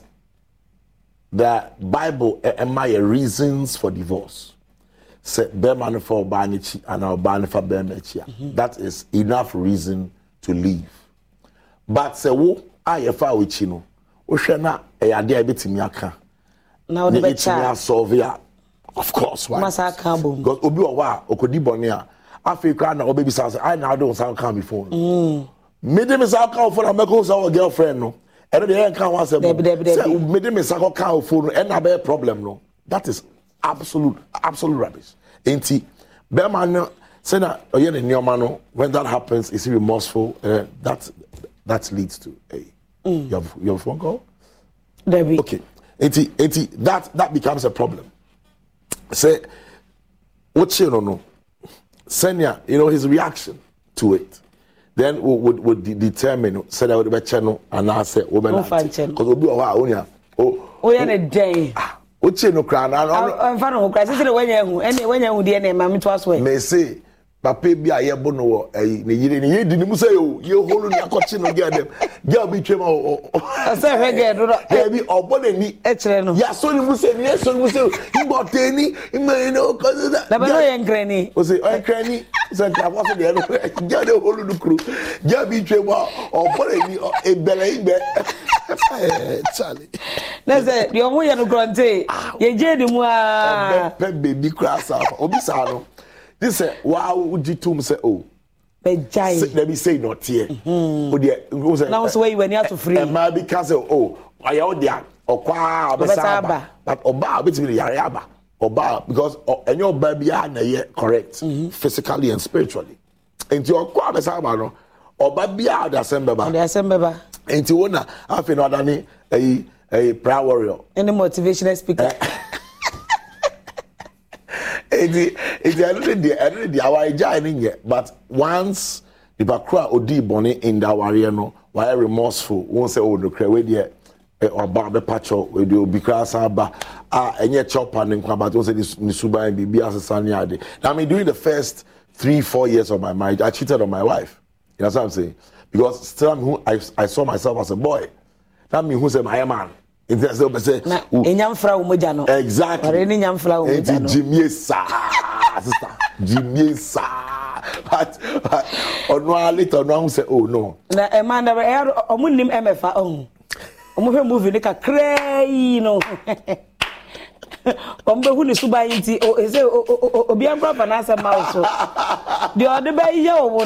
the bible ɛma yɛ reasons for divorce sɛ bɛrima no fa ɔbaa no akyi anaa ɔbaa no fa bɛrima akyi a that is enough reason to leave but sɛ wo a yɛfa a wɔakyi no wohwɛ no a ɛyɛ adeɛ a ɛbɛtumi aka na ɛbɛtumi asɔve a of course why because obi wɔ hɔ a ɔkɔdi bɔne a afei koraa na wɔbɛbisa sɛ ayi na ade nsa nka mi fone mm. mede me sa ka wo fone a mɛkɔ sɛ wɔ girlfriend no ɛno deɛ yɛnka ho asɛm sɛ mede me sa kɔka wo fone no ɛna bɛyɛ problem no that is absolute absolute rubbish nti bɛrima no sɛna ɔyɛ ne nneɛma no when that happens is remorseful uh, that that leads to a eh, hey, mm. your, your phone call Debbie. okay nti nti that that becomes a problem sɛ wokyee no no sɛnea you know his reaction to it then would wo wo de determine sɛnea wode bɛkyɛ no anaasɛ wo bɛ nante because obi wɔ hɔ a onya o. o yɛ ne dɛn. ah o tie no kura na. ɔnfa is ho kura sisi de wɔnyɛ ehu ɛnna wɔnyɛ ehu deɛ ɛnna ɛmaa mi to aso yɛ. mɛ se papa bi a yɛbo no wɔ ɛyi ne yire ne yɛdi ne mu sɛ yɛo yɛholo ne akɔkye no gya dɛm gya bi twam a ɔsɛ hwɛ gɛ dodo ɛbi ɔbɔ n'ani ɛkyerɛ no yɛasɔ ne mu sɛ ne yɛsɔ ne mu sɛ mbɔtɛni mmɛni ne ɔkɔ sɛ dabɛ no nkrani o ɔyɛ nkrani sɛ nkrafo sɛ deɛ no gya ne holo no kuro gya bi twam a ɔbɔ n'ani ebɛlɛ ibɛ ɛɛ kyale ne sɛ deɛ ɔmo This wow, ti sɛ waa wogye tom sɛ o bɛgyae dabi sei na ɔteɛ wodeɛ sɛ wayi w'ani ato firi mmaa bi ka sɛ o ɔyɛ wo deɛ ɔkɔa ɔbɛsa aba but ɔbaa wobɛtumi de yare aba ɔbaa because ɛnyɛ ɔbaa biara na ɛyɛ correct mm-hmm. physically and spiritually nti ɔkɔa bɛsa aba no ɔba biara ɔde asɛm bɛba ɔde asɛm bɛba nti wo na afei na ɔdane ɛyi ɛyi prayer warrior Any motivational speaker eh, eti eti ɛno de deɛ ɛno de deɛ awaregyae ne nyɛ but once nipa oh, eh, koro ah, a odi bɔne nda awareɛ no wayɛ remorseful wɔn sɛ wɔn nokura wei deɛ ɔba bɛpa kyɛw wɔde obi kura san ba a ɛnyɛ kyɛw pa ne nkwa but wɔn sɛ ne suban biribi asesa ne ade na I mean during the first three four years of my marriage I cheated on my wife you know what I'm saying because still I'm who I I saw myself as a boy that mean who say my man nti sɛ wopɛ sɛ ɛnyamfra wo mogya no exactly ne nyamfra wo mogya no gyimie saa sister gyimie saa but ɔno a later ɔno ahu sɛ oh no na ɛma na ɛyɛ ɔmo nim ɛmɛfa ɔho ɔmo hwɛ movie no kakraa yi no wọn bɛ hu ni suba yi ti o ese obi ankura fa n'asɛm ma o so deɛ ɔde bɛ yɛ wɔn